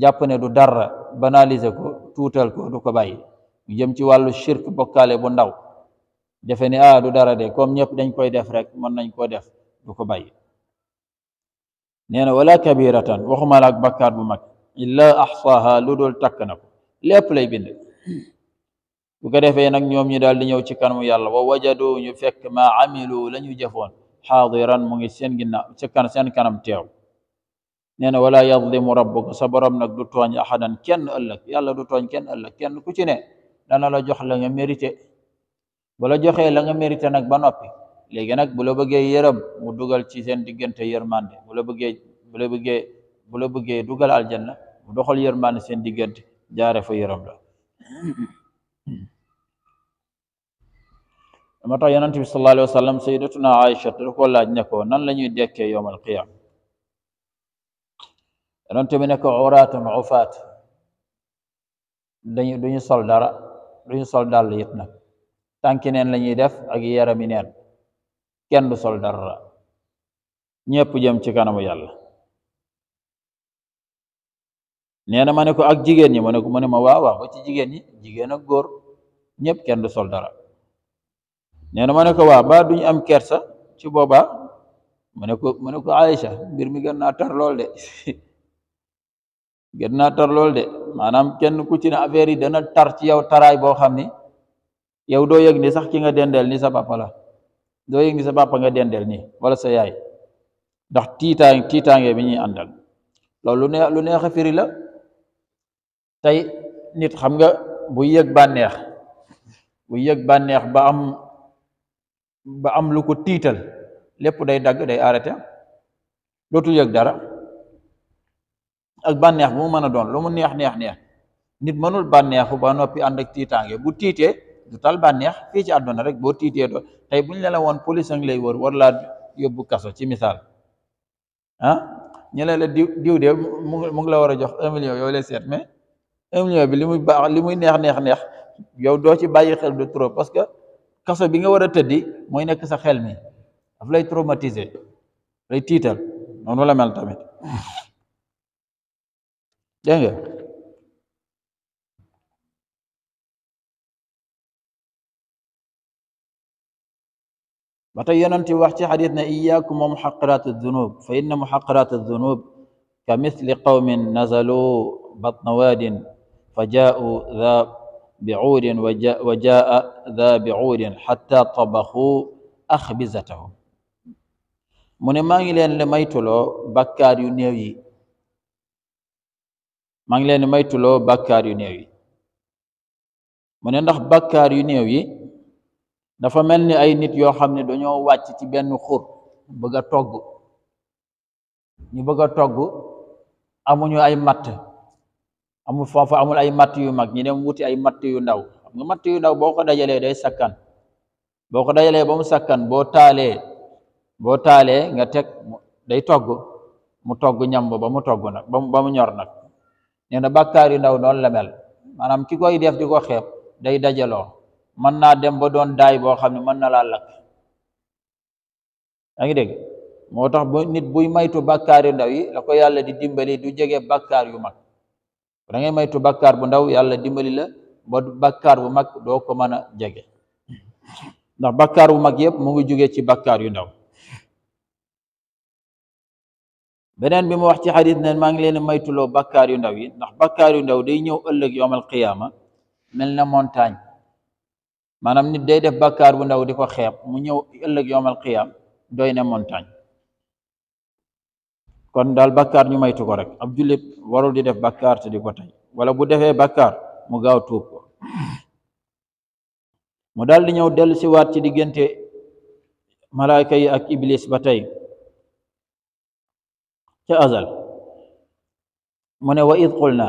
A: jàpp ne du dara banaliser ko tuutal ko du ko bàyyi jëm ci wàllu shirk bokale bu ndaw defe ne ah du dara de comme ñëpp dañ koy def rek mën nañ koo def du ko bàyyi neena na wala kabiratan waxuma la ak bakkaar bu mag illa axsaha lu dool takk na ko lépp lay bind bu ko defee nag ñoom ñi daal di ñëw ci kanamu yàlla wa wajadu ñu fekk ma amilu la ñu jëfoon xaadiran mu ngi seen ginnaaw ci seen kanam teew nee na wala yadlimu rabbuka sa borom nag du tooñ axadan kenn ëllëg yàlla du tooñ kenn ëllëg kenn ku ci ne dana la jox la nga mérité bala joxee la nga mérité nag ba noppi léegi nag bu la bëggee yërëm mu dugal ci seen diggante yërmande bu la bëggee bu la bëggee bu la bëggee dugal aljanna mu doxal yërmande seen diggante jaare fa yërëm la dama tax yonent bi sallallahu alayhi wa sallam sayyidatuna Aïcha ko laaj ne ko nan la ñuy dekkee yom qiyaam yonent bi ne ko uraatun ufaat dañu duñu sol dara duñu sol dàll it nag tànki neen la ñuy def ak yarami neen kenn du sol dara ñépp jëm ci kanamu yàlla nee na ma ne ko ak jigéen ñi ma ne ma ne ma waaw waaw ba ci jigéen ñi jigéen ak góor ñépp kenn du sol dara nee na ma ne ko waaw ba duñu am kersa ci booba ma ne ko ma ne ko Aïcha mbir mi gën naa tar lool de gën naa tar lool de maanaam kenn ku ci ne affaire yi dana tar ci yow taraay boo xam ni yow doo yëg ni sax ki nga dendel ni sa papa doo yëg sa papa nga dendel nii wala sa yaay ndax tiitaang tiitaange bi ñuy àndal loolu lu lu neex a firi la tey nit xam nga bu yëg bànneex bu yëg bànneex ba am ba am lu ko tiital lépp day dagg day arrêté dootul yëg dara ak bànneex bu mu mën a doon lu mu neex neex neex nit mënul bànneex bànneexu ba noppi ànd ak tiitaange bu tiitee du tal bànneex fii ci àdduna rek boo tiitee doo tey buñ ne la woon police ngi lay wër war laa yóbbu kaso ci misaal ah ñu ne la diw diw de mu ngi la war a jox un yow lay seet mais un million bi li muy baax li muy neex neex neex yow doo ci bàyyi xel de trop parce que kaso bi nga war a tëddi mooy nekk sa xel mi daf lay traumatiser lay tiital noonu la mel tamit dégg بطيان انت وحتي حديثنا اياكم ومحقرات الذنوب فان محقرات الذنوب كمثل قوم نزلوا بطن واد فجاءوا ذا بعود وجاء, وجاء ذا بعود حتى طبخوا اخبزتهم من ما لين لميتلو بكار يونيوي ما لين ميتلو بكار يونيوي من ندخ بكار يونيوي dafa mel ni ay nit yoo xam ne dañoo wàcc ci benn xur bëgg a togg ñu bëgg a togg amuñu ay matt amul foofu amul ay matt yu mag ñu dem wuti ay matt yu ndaw mu nga matt yu ndaw boo ko dajalee day sakkan boo ko dajalee ba mu sakkan boo taalee boo taalee nga teg day togg mu togg ñamb ba mu togg nag ba mu ñor nag nee na bàkkaar yu ndaw noonu la mel maanaam ki koy def di ko day dajaloo mën naa dem ba doon daay boo xam ne mën na laa lakk yaa ngi dégg moo tax bu nit buy maytu bakkaar yu ndaw yi la ko yàlla di dimbali du jege bakkaar yu mag da ngay maytu bakkaar bu ndaw yàlla dimbali la ba bàkkaar bu mag doo ko mën a jege ndax bàkkaar bu mag yëpp mu ngi jóge ci bàkkaar yu ndaw beneen bi mu wax ci xadis ne maa ngi leen maytuloo bakkaar yu ndaw yi ndax bakkaar yu ndaw day ñëw ëllëg yowmal qiyaama mel na montagne maanaam nit day def bakaar bu ndaw di ko xeeb mu ñëw ëllëg yowmal qiyaam doy ne montagne kon dal bàkkaar ñu maytu ko rek ab jullit warul di def bàkkaar te di wala bu defee bàkkaar mu gaaw tuub ko mu dal di ñëw dellu si waat ci diggante malaayka yi ak iblis ba tey ca azal mu ne wa id qulna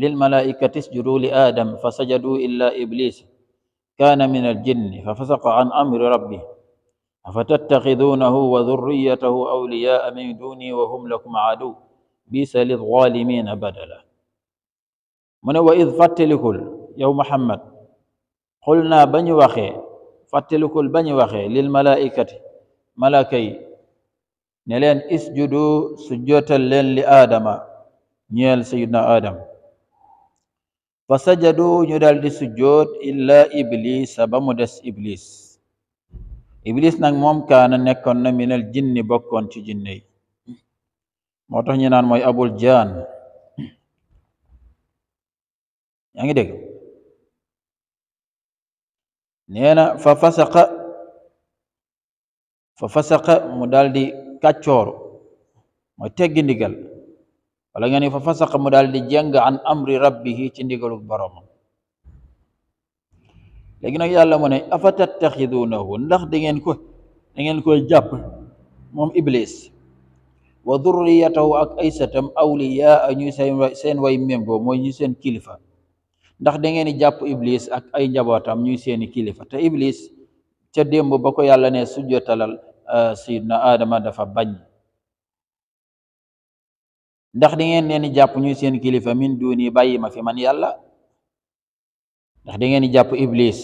A: lil malaikati isjudu li adam fa sajadu illa iblis كان من الجن ففسق عن أمر ربه أفتتخذونه وذريته أولياء من دوني وهم لكم عدو بيس للظالمين بدلا من وإذ فتلكل يوم محمد قلنا بني وخي فتلكل بني وخي للملائكة ملائكي نلين اسجدوا سجوتا لين لآدم نيل سيدنا آدم fasajadu nyudal di sujud illa iblis ba des iblis iblis nang moom kaana nekkoon na minal jinni bokkoon ci jinne yi moo naan moy abul jan. yaa ngi dégg nee fa fasaqa fa fasaqa mu daldi kàccooru mooy walangani fasa mudalli dijangga an amri rabbihi cindigolug boromam Lagi nak yàlla mu mone tak tattaxiduunahu ndax da ngeen ko ku ngeen koy jàpp mom iblis wa ak ay satam awliyaa ñuy seen way seen mo méngoo ñu kilifa ndax iblis ak ay njabootam ñuy sen kilifa Ta iblis ca démb bako ko yàlla ne sujjotalal euh, sayidna aadama dafa bañ ndax di ngeen leen di jàpp ñuy seen kilifa min duni bàyyi ma fi man yalla ndax di ngeen di iblis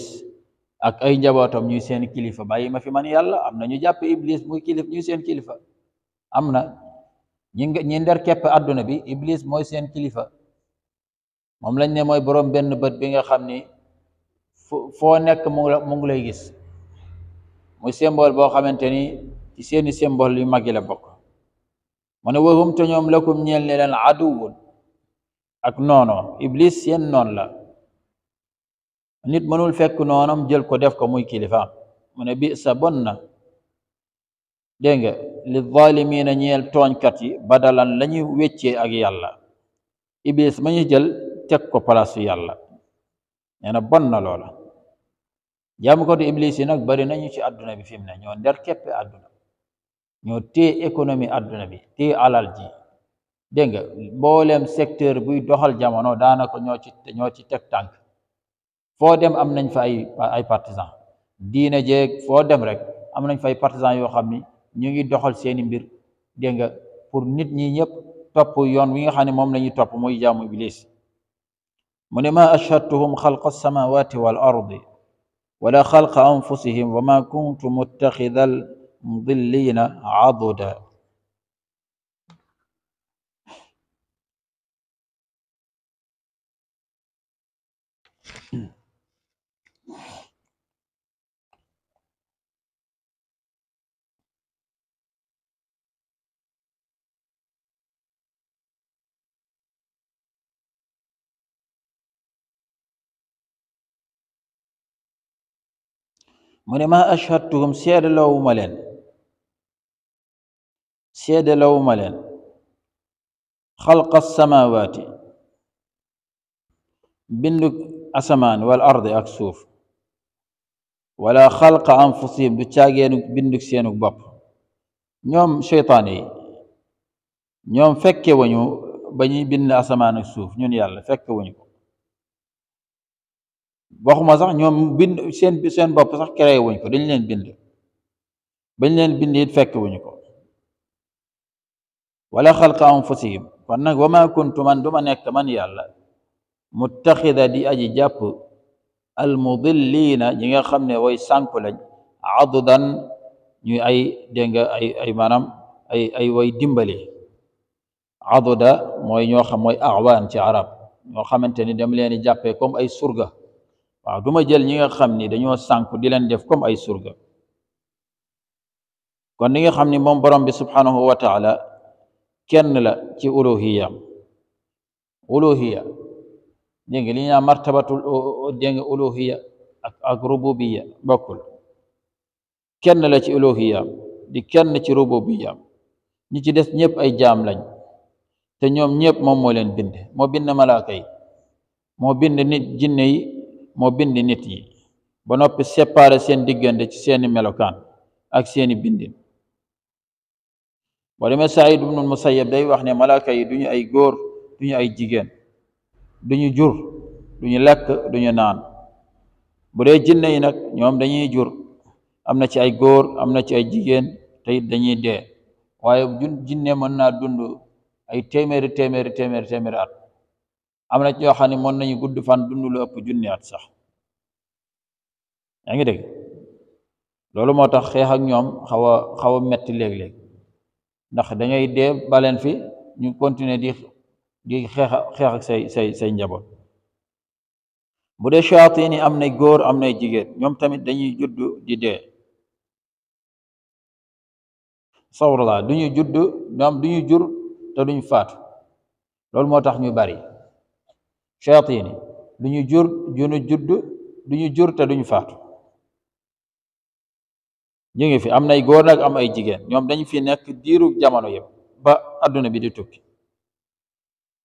A: ak ay njabotam ñuy seen kilifa bàyyi ma fi man yalla amna ñu japp iblis muy kilif ñuy seen kilifa amna ñi ñi ndar kep aduna bi iblis moy seen kilifa mom lañ ne moy borom benn beut bi nga xamni fo nek mo mu ngi lay gis muy symbole bo xamanteni ci seeni symbole yu magi la bokk من وهم تنيوم لكم نيل لن عدو ak noono iblis yenn noon la nit mënul fekk noonam jël ko def ko muy kilifaam mu ne bi sa bon na dégg nga li zalimina ñeel tooñkat yi badalan la ñuy weccee ak yàlla iblis ma ñu jël teg ko palaasu yàlla nee na bon na loola jaamu ko di iblis yi nag bari nañu ci àdduna bi fi mu ne ñoo nder keppe àdduna ñoo téye économie adduna bi téye alal ji dégg nga mboolem secteur buy doxal jamono daanaka ñoo ci ñoo ci teg tànk foo dem am nañ fa ay ay partisan diine jeeg foo dem rek am nañ fa ay partisan yoo xam ni ñu ngi doxal seeni mbir dégg nga pour nit ñi ñëpp topp yoon wi nga xam ne moom la ñuy topp muy jaamu iblis mu ne ma ashhadtuhum xalqa samawati wal ardi wala xalqa anfusihim wa ma kuntu muttaxidal مضلين عضدا من ما أشهدتهم سير لو ملن سيد لو ملين خلق السماوات بندك أسمان والأرض أكسوف ولا خلق أنفسهم بتشاجين بندك سينك باب نوم شيطاني نوم فك ونيو بني بن أسمان أكسوف نيون يالله فك ونيو waxuma sax ñoom bind seen seen bopp sax créé wuñ ko dañ leen bind bañ leen bind it fekk wuñ ko ولا خلق أنفسهم فأنا وما كنت من دمان يكتمن يا الله متخذ دي أجي جاب المضلين جنجا خمنا وي سانكو لج عضدا ني أي دنجا أي أي مانام أي أي وي دمبلي عضدا موي نيو خم موي أعوان تي عرب نيو خمنتني دم لين جابي كوم أي سرغا waaw جل ma خم ñi nga xam ni dañoo sànku di leen def comme ay surga kon ni nga xam kenn la ci uluhiya uluhiya dégg li ñaa martabatul dégg uluhiya ak ak rububiya bokkul kenn la ci uluhiya di kenn ci rububiya ñi ci des ñëpp ay jaam lañ te ñoom ñëpp moom moo leen bind moo bind malaaka moo bind nit jinne moo bind nit yi ba noppi séparé seen diggante ci seeni melokaan ak seeni bindin boo demee Saïd ibnu Musayyab day wax ne malaaka yi duñu ay góor duñu ay jigéen duñu jur duñu lekk duñu naan bu dee jinne yi nag ñoom dañuy jur am na ci ay góor am na ci ay jigéen te it dañuy dee waaye jinne mën naa dund ay téeméeri téeméeri téeméeri téeméeri at am na ci ñoo xam ne mën nañu gudd fan dund lu ëpp junni at sax yaa ngi dégg loolu moo tax xeex ak ñoom xaw a xaw a metti léeg-léeg ndax da ngay dee baleen fi ñu continuer di di xeex ak say say say njaboot bu dee shayatin yi am nay góor am nay jigéen ñoom tamit dañuy judd di dee sawrala duñu judd ñoom duñu jur te duñ faatu loolu moo tax ñu bari shayatin yi duñu jur duñu judd duñu jur te duñ faatu ñu ngi fi am nay góor nag am ay jigéen ñoom dañ fi nekk diiru jamono yëpp ba adduna bi di tukki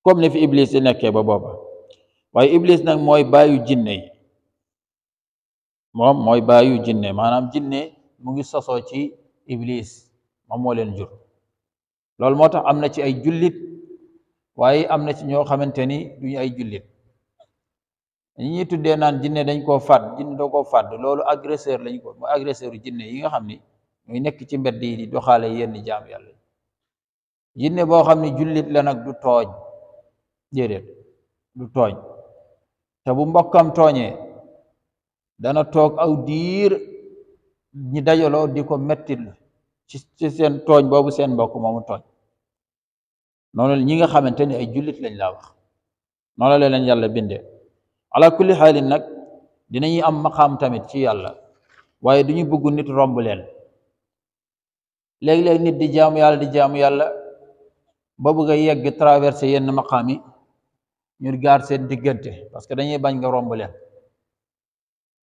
A: comme ni fi iblis di nekkee ba booba waaye iblis nag mooy baayu jinne moom mooy baayu jinne maanaam jinné mu ngi sosoo ci iblis moom moo leen jur loolu moo tax am na ci ay jullit waaye am na ci ñoo xamante ni duñu ay jullit ñuy dee naan jinne dañ koo fàdd jinne da koo fàdd loolu agresseur lañ ko mooy agresseur jinne yi nga xam ni muy nekk ci mbedd yi di doxaale yenn jaam yàlla jinne boo xam ne jullit la nag du tooñ déedéet du tooñ te bu mbokkam tooñee dana toog aw diir ñi dajaloo di ko mettit ci seen tooñ boobu seen mbokk moomu tooñ noonu ñi nga xamante ni ay jullit lañ laa wax noonu la leen yàlla bindee ala kulli xaalin nag dinañuy am maqaam tamit ci yàlla waaye duñu bëgg nit romb leen léeg-léeg nit di jaamu yàlla di jaamu yàlla ba bëgg yegg traversé yenn maqaam yi ñu gaar seen diggante parce que dañuy bañ nga romb leen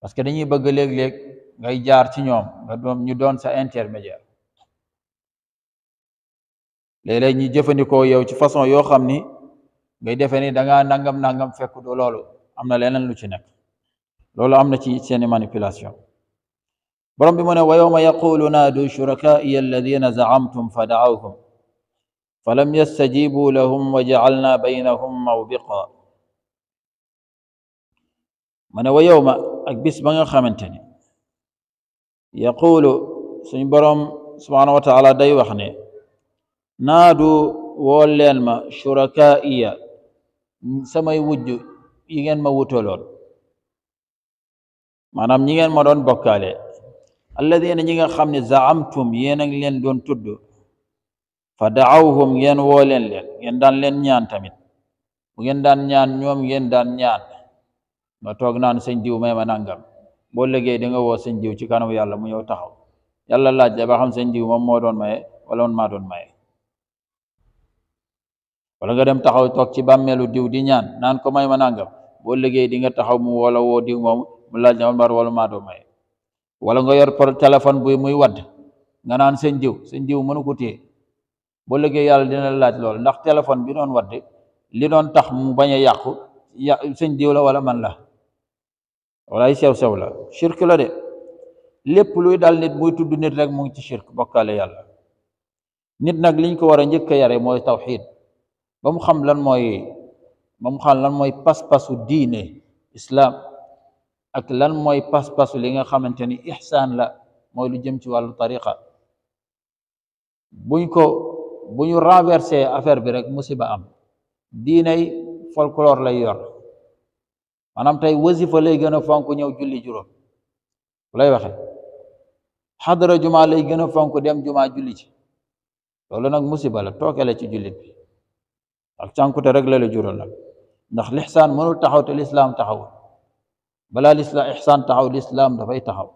A: parce que dañuy bëgg léeg-léeg ngay jaar ci ñoom nga ñu doon sa intermédiaire léeg-léeg ñu jëfandikoo yow ci façon yoo xam ni ngay defee ni danga nangam nangam fekk du loolu amna na leneen lu ci nek lolu amna ci seeni manipulation borom bi mo ne wa yaquluna du naadu shurakaaiya zaamtum fad'awhum falam yastajibu lahum wa jacalna baynahum mawbiqa mana ne ak bis ba nga xamanteni yaqulu suñ borom subhanahu wa taala day wax ne nadu wolen ma shurakaaiya samay wujju yi ngeen ma wutaloon maanaam ñi ngeen ma doon bokkaale alladina ñi nga xam ne zaamtum yéen a ngi leen doon tudd fa daawhum ngeen woo leen leen ngeen daan leen ñaan tamit bu ngeen daan ñaan ñoom ngeen daan ñaan ma toog naan sëñ diw may ma nangam boo liggéey di nga woo sëñ diw ci kanam yàlla mu ñëw taxaw yàlla laaj la ba xam sëñ diw moom moo doon maye wala woon maa doon maye wala nga dem taxaw tok ci bammelu diw di ñaan naan ko may ma nangam boo di nga taxaw mu wala ya, wo di mom mu laaj na mbar wala ma do may wala nga yor par telephone bu muy wad nga naan seen diw seen diw mënu ko téye bo liggey yalla dina laaj ndax telephone bi doon wad li doon tax mu baña yaqku seen diw la wala man la wala ay sew sew la shirk la de lepp luy dal nit muy tuddu nit rek mo ngi ci shirk yalla nit nak liñ ko wara ñëk yare ba mu xam lan moy ba mu xam lan moy pas passu diine islam ak lan moy pas passu li nga xamanteni ihsan la moy lu jëm ci walu tariqa buñ ko buñu renverser affaire bi rek musiba am diine folklore lay yor manam tay wazifa lay gëna fonku ñew julli juro lay waxe hadra juma lay gëna fonku dem juma julli ci lolu nak musiba la tooke ci julli bi ak cànkute rek la la jural nak ndax lixsaan mënul taxaw te l'islam taxaw bala lislaam ihsan taxaw l'islam da fay taxaw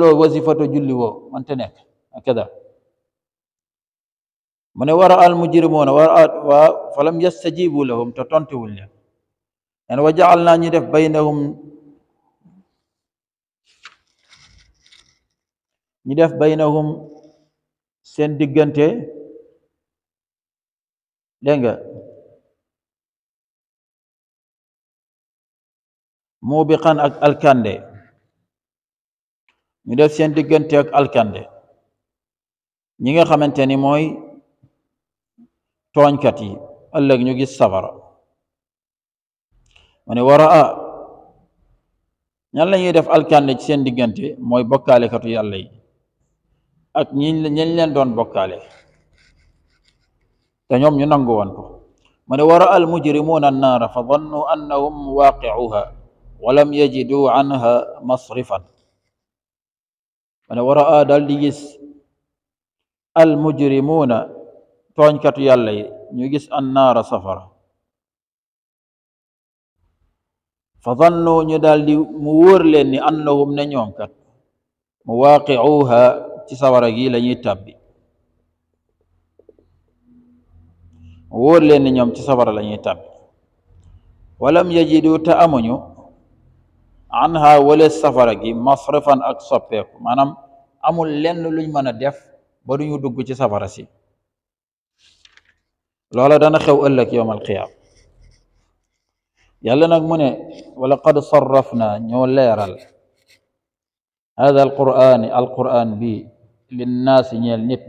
A: lo wasifata julli wo man te nek akada mu wara al mujrimuna wa waa falam yastajibu lahum ta tonti wul nen wa jaal naa def baynahum ñi def baynahum sen diggante dégg nga mubiqan ak alkande ñu def seen diggante ak alkande ñi nga xamante ni mooy tooñkat yi ëllëg ñu gis safara ma ne war a ñan la ñuy def alkande ci seen diggante mooy bokkaalekatu yàlla yi ak ñi ñañ leen doon bokkaale te ñom ñu nangu won ko mané wara al mujrimuna an-nar fa dhannu annahum waqi'uha wa lam yajidu anha masrifan mané wara dal di gis al mujrimuna toñ tooñkatu yàlla yi ñu gis an-nar safara fa dhannu ñu dal di mu wër leen ni annahum ne ñom kat mu waqi'uha ci sawara gi lañuy tàbbi wóor len ni ñoom ci safara lañuy ñuy walam yajidu ta amuñu anha wala safara gi masrafan ak soppe manam amul len luñ mëna def ba duñu dugg ci safara si loola dana xew ëlëk yowal qiyam yàlla nak mune wala qad sarrafna ñoo leral هذا القرآن القرآن بي للناس ñeel nit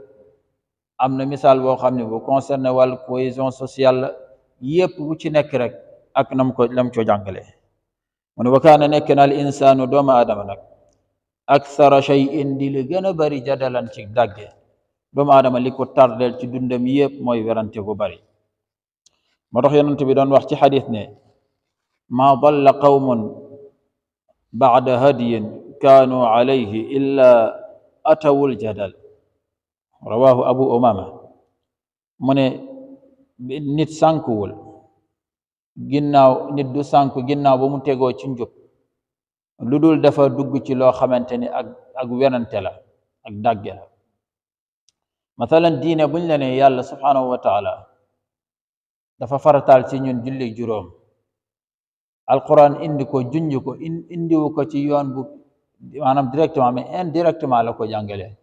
A: amna misal bo boo bu concerné wal cohésion sociale la yëpp bu ci nek rek ak nam ko lam ci jàngale mun ne wa kaana nekk na al insanu doomu adam nak akthara shay'in dil gëna bari jadalan ci dàgge doomu aadama li ko tardeel ci dundam yëpp moy werante bu bari moo tax yonent bi doon wax ci xadis ne ma dalla qawmun ba'da hadiyin kaanu alayhi illa atawul jadal rawahu abu umama mu ne nit sànkuwul ginnaaw nit du sànku ginnaaw ba mu tegoo ci njub lu dul dafa dugg ci loo xamante ni ak ak werante la ak dàgge la mathalan diine buñ la ne yàlla subhanahu wa taala dafa farataal ci ñun julli juróom alquran indi ko junj ko indiwu ko ci yoon bu maanaam directement mais indirectement la ko jàngalee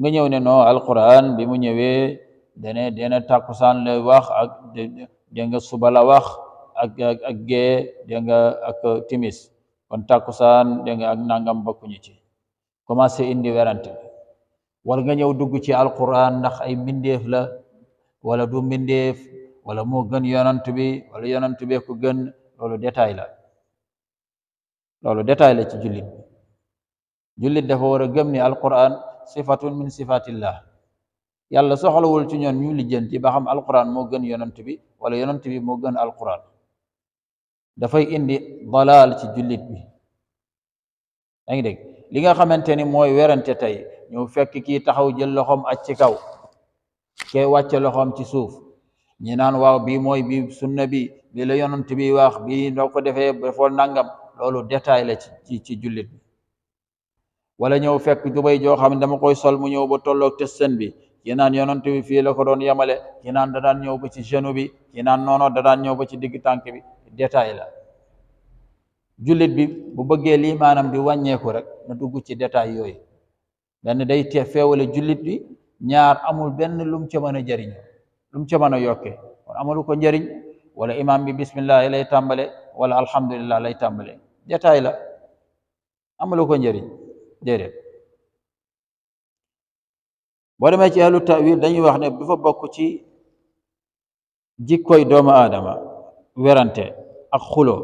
A: nga ñew ne no alquran bi mu ñewé dene dene takusan le wax ak de nga subala wax ak ak ge de nga ak timis kon takusan de nga ak nangam ñu ci commencé indi wérante wala nga ñew dugg ci alquran ndax ay mindeef la wala du mindeef wala mo gën yonant bi wala yonant bi ko gën lolu détail la lolu détail la ci julit julit dafa wara gëm ni alquran sifatun min sifatillah yàlla soxlawul ci ñoon ñu lijjanti ci baxam alquran moo gën yonant bi wala yonant bi moo gën alquran dafay indi dalaal ci jullit bi yaa ngi dégg li nga xamante ni mooy werante tey ñu fekk kii taxaw jël loxoom aj ci kaw ke wàcce loxoom ci suuf ñi naan waaw bii mooy bi sunna bi bi la yonant bi wax bi noo ko defee defoon nangam loolu détail la ci ci jullit wala ñëw fekk jubay joo xam ne dama koy sol mu ñëw ba tolloog te sën bi ki naan yonent bi fii la ko doon yamale ki naan da daan ñëw ba ci genou bi ki naan noono da ñëw ba ci digg tànk bi détail la jullit bi bu bëggee lii maanaam di wàññeeku rek na dugg ci détail yooyu benn day te feewale jullit bi ñaar amul benn lum ca mën a jëriñ lum ca mën a yokke kon amalu ko njëriñ wala imam bi bismillah lay tàmbale wala alhamdulillah lay tàmbale détail la amalu ko njëriñ déedéet boo demee ci ahlu tawil dañuy wax ne dafa bokk ci jikkoy doomu aadama werante ak xulo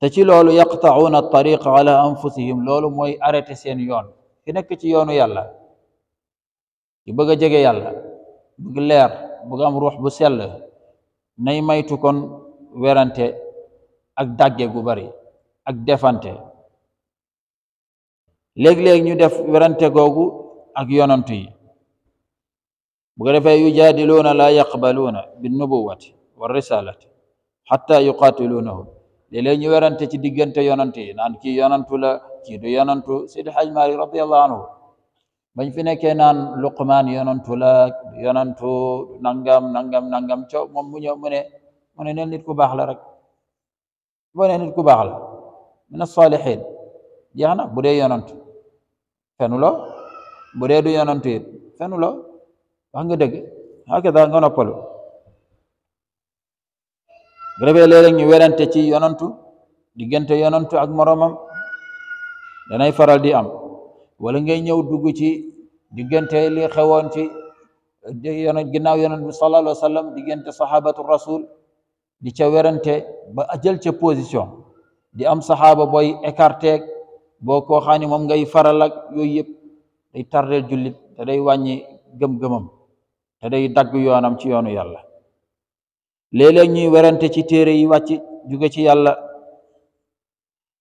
A: te ci loolu yaqta'uuna tariqa ala anfusihim loolu mooy arrêté seen yoon ki nekk ci yoonu yàlla ki bëgg a jege yàlla bëgg leer bëgg ruux bu sell nay maytu kon werante ak dàgge gu bari ak defante leg leg ñu def werante googu ak yonante yi bu ko defé yu jadiluna la yaqbaluna bin nubuwati war risalati hatta yuqatilunahu le leg ñu werante ci digënté yonante yi naan kii yonantu la ki du yonantu Seydi hajmari radiyallahu anhu bañ fi nekké naan luqman yonantu la yonantu nangam nangam nangam ci mom mu ñëw mu ne mu ne nit ku bax la rek boo ne nit ku bax la min as-saalihiin jeex bu dee yonantu fenu loo bu dee du yonantu it wax nga dëgg hakada nga noppalu bu defee léeg-léeg ñu werante ci yonantu diggante yonantu ak moroomam danay faral di am wala ngay ñëw dugg ci diggante li xewoon ci yon ginnaaw yonent bi sallallahu alayhi wa sallam diggante sahabatu rasul di ca werante ba jël ca position di am saxaaba booy écarté boo ko xam moom ngay faral ak yooyu yëpp day tardeel jullit te day wàññi gëm-gëmam te day dagg yoonam ci yoonu yàlla léeg-léeg ñuy werante ci téere yi wàcc jóge ci yàlla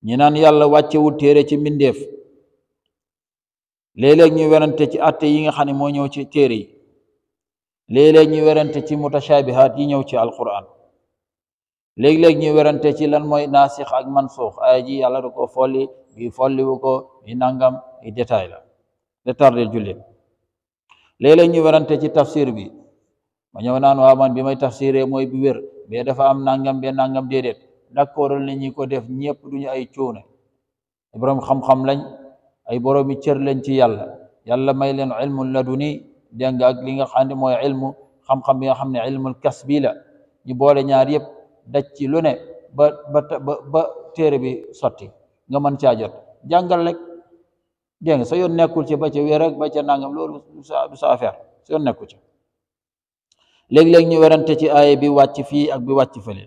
A: ñi naan yàlla wàccewul téere ci mbindeef léeg-léeg ñuy werante ci atte yi nga xam ne moo ñëw ci téere yi léeg-léeg werante ci mutashabihaat yi ñëw ci alquran léeg-léeg ñuy werante ci lan mooy naasix ak mansuux aaya ji yàlla folli gi folliwu ko gi nangam i détail la détardel jullit léeg-léeg ñu werante ci tafsir bi ma ñëw naan waa man bi may tafsiré mooy bi wér bee dafa am nangam be nangam déedéet d'accordal ne ñi ko def ñëpp duñu ay cuune ay borom xam-xam lañ ay mi cër lañ ci yàlla yàlla may leen ilmu laduni dégg nga ak li nga xam mooy ilmu xam-xam bi nga xam ne ilmul kasbi la ñu boole ñaar yëpp daj ci lu ne ba ba ba téere bi sotti nga mën caa jot jàngal rek dégg sa yoon nekkul ci ba ca wéer ak ba ca nangam loolu du sa affaire sa yoon nekkul ci léeg-léeg ñu werante ci aaye bi wàcc fii ak bi wàcc fële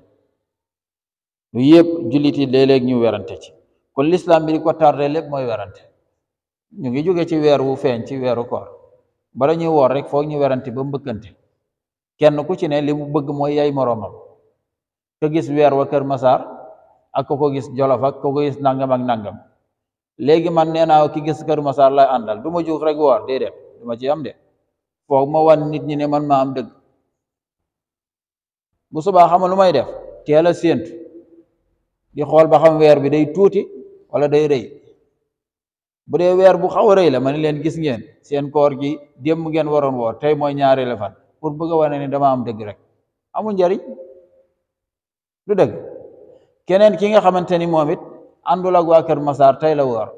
A: lu yëpp jullit yi léeg ñu werante ci kon lislaam bi di ko tardé lépp mooy werante ñu ngi jóge ci weer wu feeñ ci weeru koor bala ñuy woor rek foog ñu weranti ba mbëkkante kenn ku ci ne li mu bëgg mooy yay moroomam ka gis weer wa Kër Masaar ak ko ko gis jollof ak ko ko gis nangam ak nangam legi man neena ko gis Kër Masar lay àndal du juuf rek wor déedéet du ci am de ma wan nit ñi ne man ma am deug bu suba xam lu may def teela sent di xol ba xam weer bi day tuti wala day reey bu de weer bu xaw reey la man leen gis ngeen seen koor gi dem ngeen waroon woor jari. mooy pour bëgg wané ni dama am deug rek amu du deug keneen ki nga xamante ni moom it àndul ak waa Kër Masaar tey la woor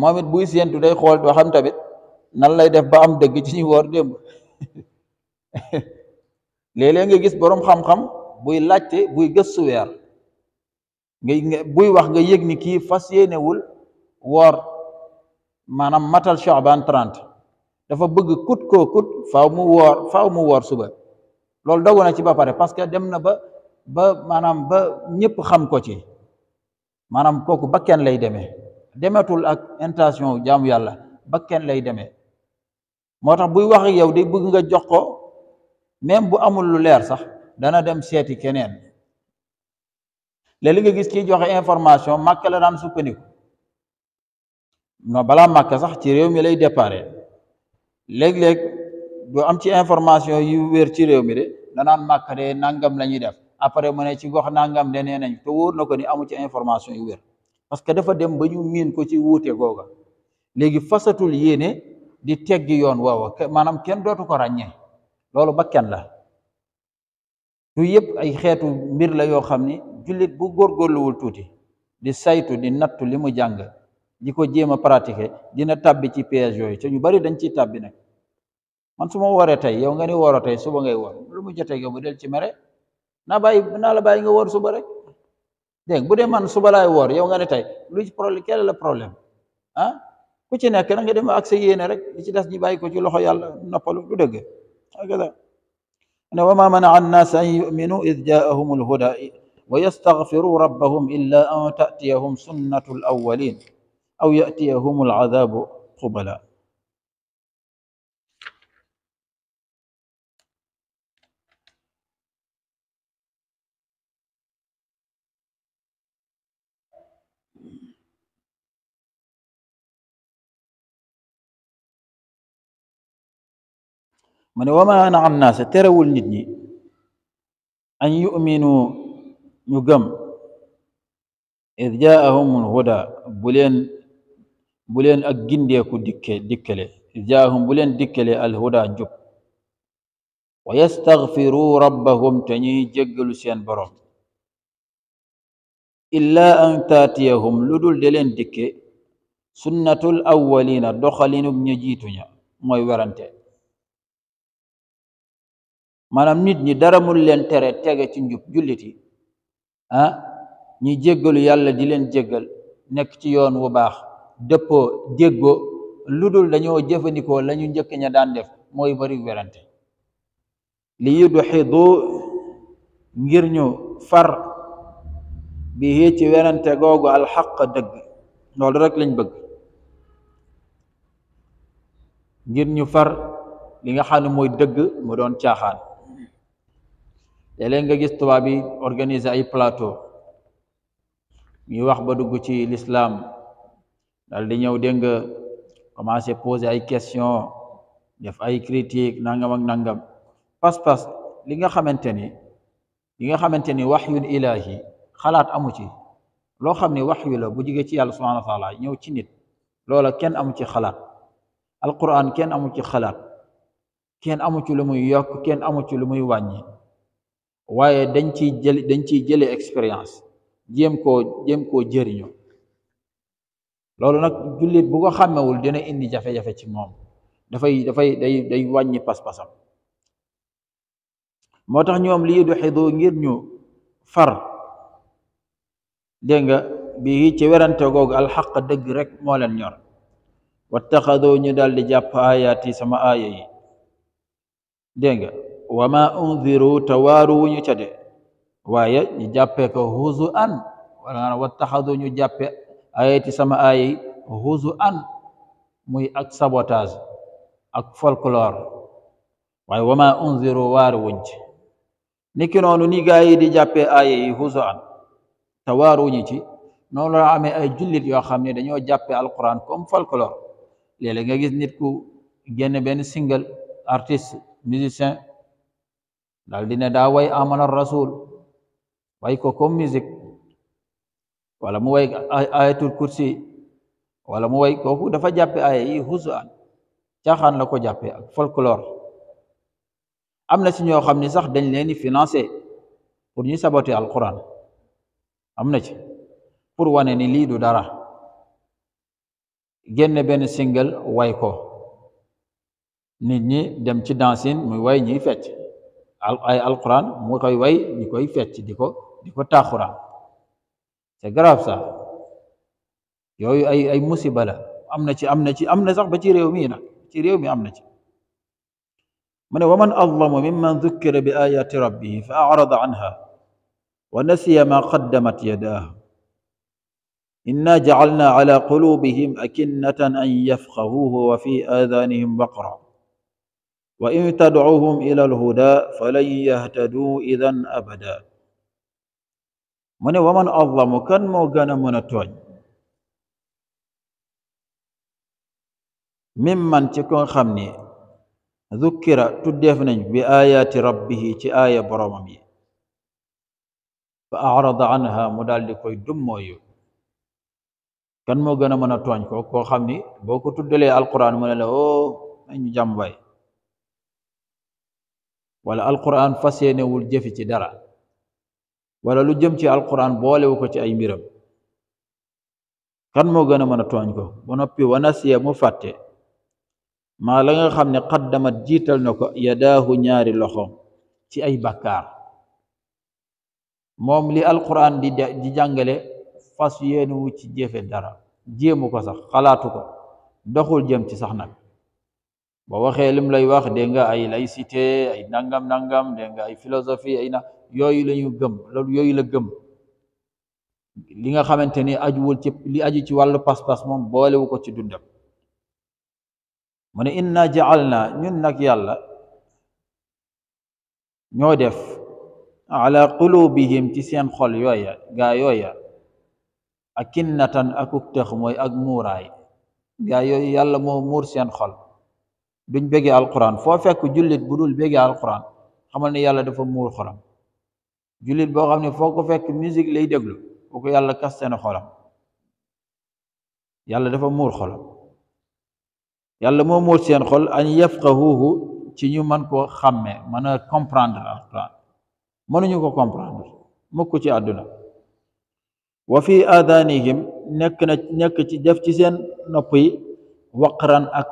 A: moom it buy séentu day xool ba xam tamit nan lay def ba am dëgg ci ñu woor démb léeg nga gis boroom xam-xam buy laajte buy gëstu weer ngay buy wax nga yëg ni kii fas yéenewul woor maanaam matal Shaaban 30 dafa bëgg kut koo kut faaw mu woor suba loolu dogu na ci ba pare parce que dem na ba ba maanaam ba ñëpp xam ko ci maanaam kooku ba kenn lay demee demetul ak intention jaamu yàlla ba kenn lay demee moo tax buy wax yow di bëgg nga jox ko même bu amul lu leer sax dana dem seeti keneen léeg li nga gis kiy joxe information màkk la daan sukkandiku non balaa màkk sax ci réew mi lay dépare léeg-léeg du am ci information yu wér ci réew mi de danaan màkk de nangam la ñuy def après mu ne ci gox nangam ne ne nañ te wóor na ko ni amu ci information yu wér parce que dafa dem ba ñu miin ko ci wuute googa léegi fasatul yéene di tegg yoon woowa maanaam kenn dootu ko ràññee loolu ba kenn la du yëpp ay xeetu mbir la yoo xam ni jullit bu góor góorluwul tuuti di saytu di nattu li mu jàng di ko jéem a pratiquer dina tabbi ci piège yooyu te ñu bari dañ ciy tàbbi nag man su ma waree tey yow nga ni waroo tey suba ngay war lu mu jotee yow bu ci mere na bàyyi naa la bàyyi nga woor suba rek dégg bu dee man suba laay woor yow nga ne tey lu ci problème quel est problème ah ku ci nekk na nga dem ak sa yéene rek li ci des ñu bàyyi ko ci loxo yàlla noppalu lu dëgg hakada ne wa ma manaa annaas an yuminu id jaahum alhuda wa yastaghfiru rabbahum illa an tatiyahum sunnatu alawalin aw yatiyahum alazabu من وما نع الناس ترول نتني أن يؤمنوا نجم إذ جاءهم الهدى بولين بولين أجن ديكو ديك ديكلة إذ جاءهم بولين ديكلة الهدى جب ويستغفروا ربهم تني جعل سين برم إلا أن تأتيهم لدول دلين ديك سنة الأولين الدخلين بنجيتنا ما يورنتي maanaam nit ñi dara mun leen tere tege ci njub julliti ah ñi jéggalu yàlla di leen jéggal nekk ci yoon wu baax dëppoo déggoo lu dul dañoo jëfandikoo la ñu njëkk ña daan def mooy bari werante li yudxidu ngir ñu far bi ci werante googu alxaq dëgg loolu rek lañ bëgg ngir ñu far li nga xam ne mooy dëgg mu doon caaxaan te nga gis tuba bi organiser ay plateau ñu wax ba ci l'islam dal di ñew deng commencer poser ay question def ay critique nangam ak nangam pas-pas li nga xamanteni ni li nga xamanteni ni ilahi khalat amu ci lo xamni ni la bu jige ci yalla subhanahu wa taala ñew ci nit lola kenn amu ci khalat alquran kenn amu ci khalat kenn amu ci lu muy yok kenn amu ci lu muy wañi waaye dañ ci jël dañ ciy jëlee expérience jéem koo jéem koo jëriñu loolu nag jullit bu ko xàmmewul dina indi jafe-jafe ci moom dafay dafay day day wàññi pas-pasam moo tax ñoom lii du xidoo ngir ñu far dégg nga bii ci werante googu alxaq dëgg rek moo leen ñor wattaxadoo ñu daal di jàpp aayaati sama aaya yi dégg wa ma unziru te waaru ñu ca de waaye ñu jàppee ko huzu an wala wattaxadu ñu jàppe ayati sama ayi huzu an muy ak sabotage ak folklore waaye wa ma unziru waaru wuñ ci ni gaa yi di jàppe aye yi huzu an te waaru ñu ci noonu la amee ay jullit yoo xam ne dañoo jàppee alquran comme folklore léeg nga gis nit ku génn benn single artiste musicien daal dina daa way amana rasul way ko comme musique wala mu way ayatul kursi wala mu way kooku dafa jàppe aaya yi caaxaan la ko jàppe ak folklore am na ci ñoo xam ni sax dañ leen di financé pour ñu saboter alquran am na ci pour wane ni lii du dara génne benn single way ko nit ñi dem ci dansin muy way ñuy fecc ay alquran mo koy way ñu koy fecc diko diko di ko taaxuraan c'est grave ça yooyu ay ay musiba la amna ci amna ci amna sax ba ci rew mi nag ci rew mi amna ci mané waman wa mimman dhukira bi ayati rabbihi fa arada anha wa nasiya ma qaddamat yadaahu إنا جعلنا على قلوبهم أكنة أن يفقهوه وفي آذانهم وقرا وإن تدعوهم إلى الهدى فلن يهتدوا إذا أبدا من ومن أظلم كان موغانا من التوج ممن تكون خمني ذكر تدفن بآيات ربه تآية برممي فأعرض عنها مدالك دموي كان موغانا من التوج كو خمني بوكو تدلي القرآن من له أن جنبي ولا القران فاسيني وول جيفي سي دارا ولا لو جيم سي القران بوله وكو سي اي ميرم كان مو غنا مانا توانكو بو نوبي وناسيه مو فاتي ما لاغا خامني قدمت جيتال نكو يداه نياري لوخو تي اي بكار موم لي القران دي دي جانغالي فاسيني وو سي جيفي دارا جيمو كو صاح خلاتوكو دخول جيم سي صاح نك ba waxee lim lay wax dégg ay lay site ay nangam nangam denga ay philosophie ay na yooyu la ñu gëm loolu yooyu la gëm li nga xamante ni wul ci li aju ci wàllu pas-pas moom boolewu ko ci dundam mu ne inna na ñun nag yàlla ñoo def ala qulubihim ci seen xol yooya gaa yooya akinnatan akuk tëx mooy ak muuraay gaa yooyu yàlla moo muur seen xol duñ bëggee alquran foo fekk jullit bu dul bëggee alquran xamal ne yàlla dafa muur xolam jullit boo xam ne foo fekk musique lay déglu kooku yàlla kaste xolam yàlla dafa muur xolam yàlla moo muur seen xol an yafqahuhu ci ñu mën ko xàmme mën a comprendre alquran mënuñu ko comprendre mukk ci àdduna wa fi aadaanihim nekk na nekk ci def ci seen nopp yi waqran ak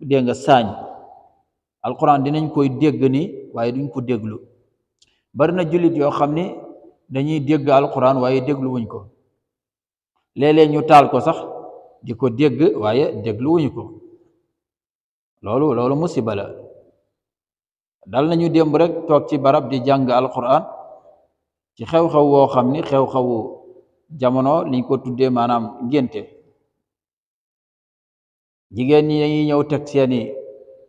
A: dégg nga saañ alquran dinañ koy dégg ni waaye duñ ko déglu bari na jullit yoo xam ne dañuy dégg alquran waaye dégluwuñ ko léeg ñu taal ko sax di ko dégg waaye déglu ko loolu loolu musiba la dal nañu démb rek toog ci barab di jàng alquran ci xew-xew woo xam ni xew-xewu jamono liñ ko tuddee maanaam ngénte jigéen ñi dañuy ñëw teg seeni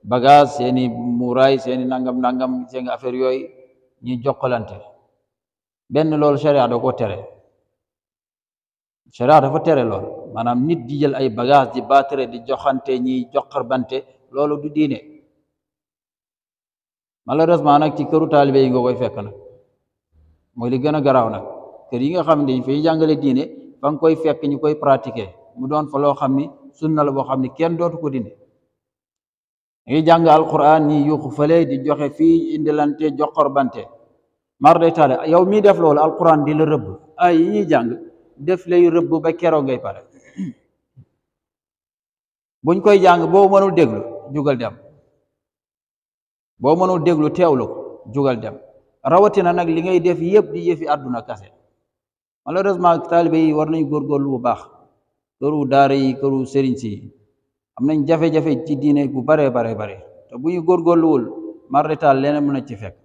A: bagage seeni muraay seeni nangam nangam seeni affaire yooyu ñu jokkalante benn loolu sharia da ko tere sharia dafa tere loolu maanaam nit di jël ay bagage di baatere di joxante ñiy joxarbante loolu du diine malheureusement nag ci këru taalibe yi nga koy fekk nag mooy li gën a garaaw nag kër yi nga xam ne dañ fay jàngale diine fa koy fekk ñu koy pratiquer mu doon fa loo sunna la boo xam ne kenn dootu ko dindi ñuy jàng alquran ñi yuuxu fële di joxe fii indilante jox korbante mar day taale yow mii def loolu alquran di la rëbb ay yi ñuy jàng def lay rëbb ba keroog ngay pare buñ koy jàng boo mënul déglu jugal dem boo mënul déglu teewlu ko jugal dem rawatina nag li ngay def yëpp di yëfi àdduna kase malheureusement taalibe yi war nañu góorgóorlu bu baax toru daara yi serinci. sëriñ si am nañ jafe-jafe ci diine gu bare bare bare te buñu gor góorgóorluwul marretaal leneen mën a ci fekk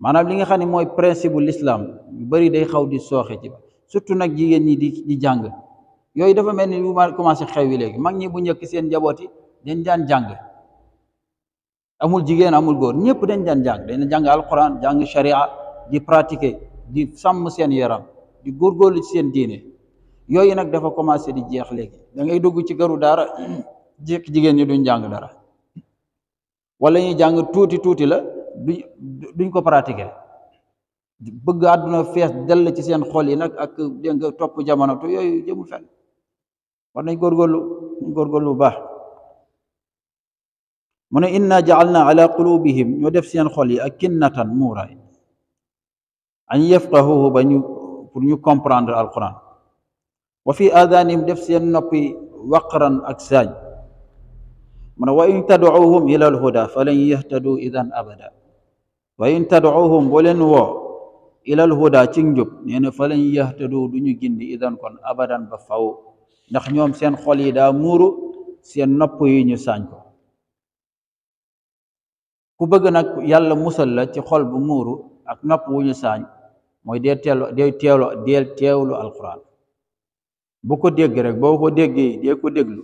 A: manam li nga xani moy principe l'islam yu bari day xaw di soxé ci surtout nak jigen ni di di jang yoy dafa melni bu lu commencé xewi legi mag ñi bu ñëk seen jaboti dañ amul jigen amul gor ñepp dañ daan jang dañ jang alcorane jang sharia di pratiquer di sam seen yaram di gor ci seen diine yooyu nag dafa commencé di jeex léegi dangay ngay dugg ci garu daara jékki jigéen ñi duñ jàng dara walla ñuy jàng tuuti tuuti la duñ duñ ko pratiquer bëgg àdduna fees dell ci seen xol yi nag ak dégg nga topp jamono tu yooyu jëmul fenn war nañ góorgóorlu nañ góorgóorlu bu baax mu ne inna ja'alna ala qulubihim ñoo def seen xol yi ak kinnatan muuraay an yafqahuhu ba ñu pour ñu comprendre alquran وفي آذانهم نفس النبي وقرا أكساج من وإن تدعوهم إلى الهدى فلن يهتدوا اذا أبدا وإن تدعوهم ولن و إلى الهدى تنجب يعني فلن يهتدوا دنيا جند إذن كن أبدا بفاو نحن يوم سين خلي دا مورو سين نبوي نسانكو ku bëgg nag yàlla musal la ci xol bu muuru ak napp wuñu saañ mooy dee teelu dee teewlu deel bu ko dégg rek boo ko déggee dee ko déglu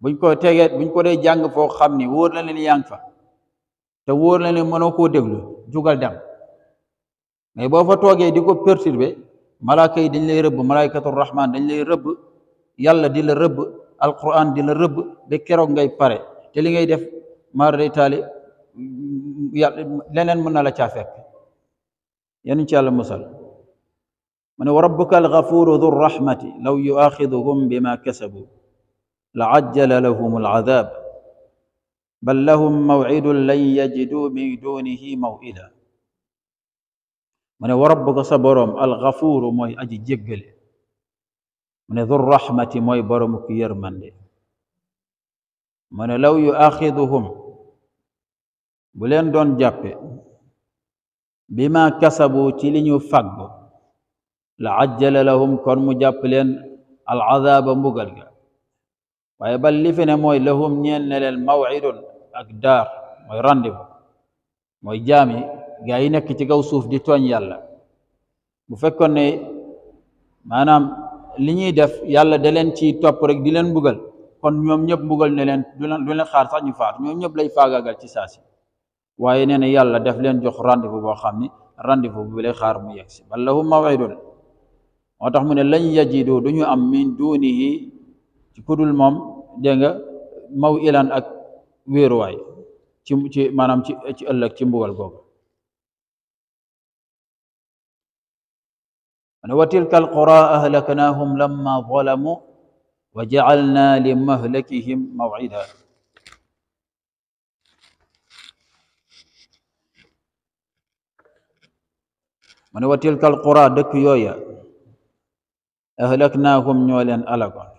A: buñ ko tegee buñ ko dee jàng foo xam ni woor na leen yaa fa te woor na leen mënoo koo déglu jugal dem mais boo fa toogee di ko perturber malaaka yi dañ lay rëbb malaaykatul rahman dañ lay rëbb yàlla di la rëbb alquran di la rëbb de keroog ngay pare te li ngay def maar day taali yàlla leneen mën na la caa fekk ci yàlla musal من وربك الغفور ذو الرحمة لو يؤاخذهم بما كسبوا لعجل لهم العذاب بل لهم موعد لن يجدوا من دونه موئلا من وربك صبرهم الغفور موي أجي جقل من ذو الرحمة موي برمك يرمن من لو يؤاخذهم بلين دون جابي بما كسبوا تلين يفقوا لعجل لهم كرم جابلين العذاب مغلقا ويبلفنا موي لهم نين الموعد اقدار موي رانديفو موي جامي غاي نك تي كاو سوف دي توغ يالا بو فيكون ني مانام لي ني ديف يالا دالين تي توپ رك دي لين بوغل كون نيوم نيب بوغل نلين دولن دولن خار سا ني فات نيوم نيب لاي فاغاغال تي ساسي واي نينا يالا ديف لين جوخ رانديفو بو خامي رانديفو بو لي خار مو يكسي بل لهم موعد motax tax mu ne lañ yajidu duñu am min dunihi ci kudul mom de nga maw ilan ak wëru way ci ci manam ci ci ëlëk ci mbugal gog ana wa tilkal qura ahlaknahum lamma zalamu wa ja'alna li mahlakihim mawcida mu wa tilkal qura dëkk yoya ahlaknaahum ñoo leen alagoon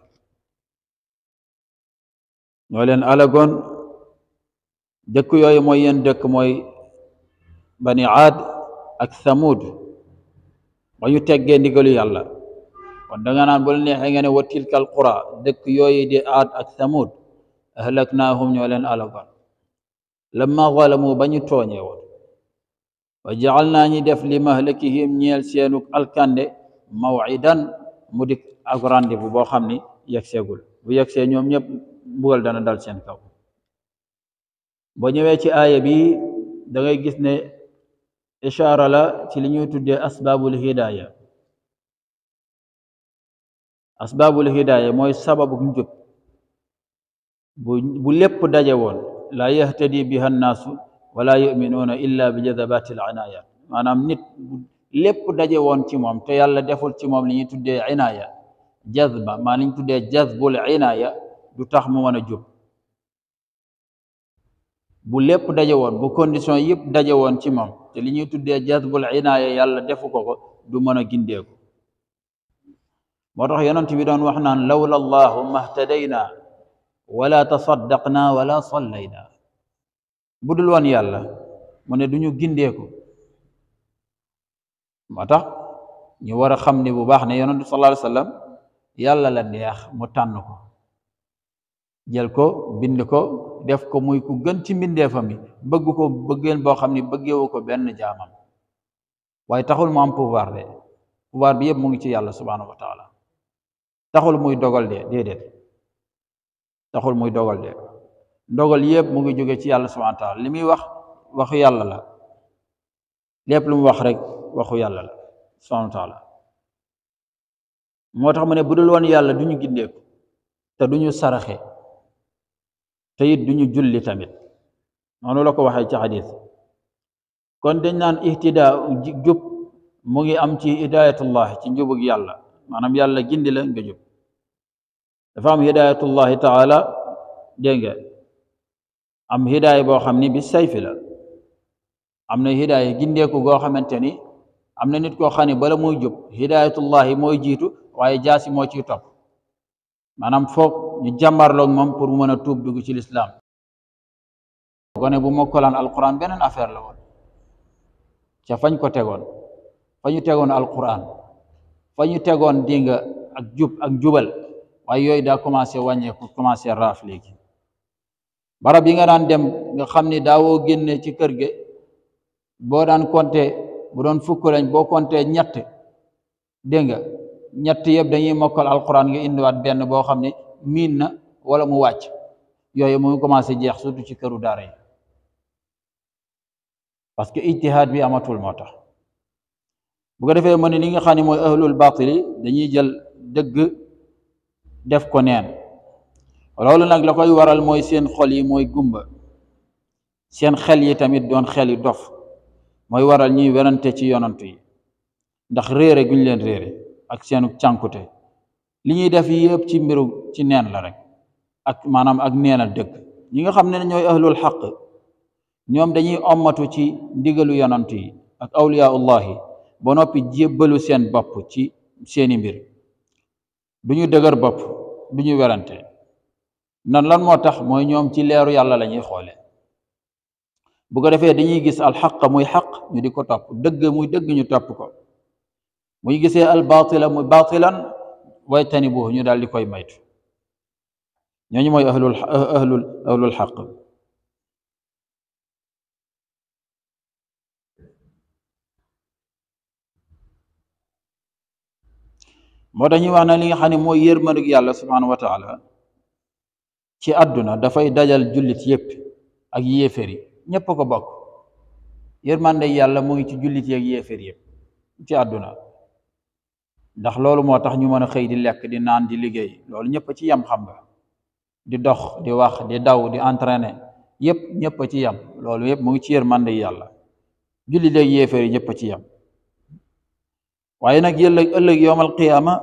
A: leen alagoon dëkk yooyu mooy yéen dëkk mooy bani aad ak thamud ba ñu teggee ndigalu yàlla kon da naan bu la neexee nga ne wa tilka al dëkk yooyu di aad ak thamud ahlaknaahum ñoo leen alagoon lamma zalamu ba ñu tooñee woon wa jaal naa ñi def li mahlikihim ñeel seenuk alkande mawidan mu dik ak bu boo xam ni yegseegul bu yegsee ñoom ñëpp mbugal dana dal seen kaw boo ñëwee ci aaya bi da ngay gis ne ishaara la ci li ñuy tudde asbaabul hidaaya asbaabul hidaaya mooy sababu njub bu bu lépp daje woon laa yahtadi biha annaasu wala yuminuuna illa bi jadabaati al anaaya maanaam nit lépp daje woon ci moom te yàlla deful ci moom li ñuy tuddee inaaya jazba maa li ñu tuddee jazbul inaaya du tax mu mën a jub bu lépp daje woon bu condition yëpp daje woon ci moom te li ñuy tuddee jazbul inaaya yàlla defu ko ko du mën a gindeeku moo tax yonent bi doon wax naan lawla allahu mahtadayna wala na wala sallayna budul woon yàlla mu ne duñu gindeeku motax ñu wara ni bu baax ne yonent bi sallallahu alayhi wasallam yalla la neex mu tan ko jël ko bind ko def ko muy ku gën ci mbindeefam yi bëgg ko bëggeen bo xamni ni ko ben jaamam waye taxul mu am pouvoir de pouvoir bi yeb mu ngi ci yalla subhanahu wa taala taxul muy dogal de dedet taxul muy dogal de dogal yeb mu ngi joge ci yalla subhanahu wa taala Limi wax waxu yalla la lépp lu mu wax rek waxu yàlla la subhanahu wa taala moo tax mu ne bu dul woon yàlla duñu ñu gindeeku te duñu saraxe te it duñu julli tamit noonu la ko waxee ci hadith kon dañ naan ihtida jub mu ngi am ci hidayatullah ci njubug yàlla maanaam yàlla gindi la nga jub dafa am hidayatullahi taala dégg nga am hidaaya boo xam ni bi sayfi la amna hidayah hidaaya gindeeku go xamanteni amna nit ko xani bala muy jub hidaayatullahi mooy jiitu waaye jaasi moo ciy topp manam fok ñu jàmbarloog mom pour mu mën a tuub ci l'islam gone bu kolan alquran benen affaire la won ca fañ ko tegon fa tegon alquran fa tegon dinga ak jup ak jubal yoy da commencer wagne ko commencer raf legi barab yi nga dem nga xamni da wo génne ci kër ge boo daan compté bu doon fukk lañ boo compté ñett dégg nga ñett yëpp dañuy mokkal alquran nga indiwaat benn boo xam ne miin na wala mu wàcc yooyu mu commencé jeex surtout ci këru dara yi parce que ijtihaad bi amatul moo tax bu ko defee mu ne ni nga xam ne mooy ahlul batili dañuy jël dëgg def ko neen loolu nag la koy waral mooy seen xol yi mooy gumba seen xel yi tamit doon xel yi dof mooy waral ñuy werante ci yonant yi ndax réer guñ leen réer ak seenu cànkute li ñuy def yëpp ci mbiru ci neen la rek ak maanaam ak neenal dëkk ñi nga xam ne ñooy ahlul xaq ñoom dañuy omatu ci ndigalu yonant yi ak awliyaullahi ba noppi jébbalu seen bopp ci seeni mbir duñu dëgër bopp du ñu werante nan lan moo tax mooy ñoom ci leeru yàlla lañuy ñuy xoole bu ko defé dañuy gis al haqq muy haqq ñu diko top deug dëgg muy dëgg ñu top ko muy gisé al albatila muy batilan waytani bu ñu dal dikoy maytu ñooñu mooy ahlul ahlul ahlul haqq mo dañuy wax na li nga xam ne mooy yërmandu yàlla subhanahu wa taala ci aduna da fay dajal julit yépp ak yéféri ñepp ko bok yermande yalla mo ngi ci julit yak yefer yeb ci aduna ndax lolu motax ñu mëna xey di lek di naan di liggey lolu ñepp ci yam xam nga di dox di wax di daw di entraîner yep ñepp ci yam lolu yëpp mo ngi ci yermande yalla julit yak yefer ñepp ci yam waye nak yëllëg ëlëk yowmal qiyamah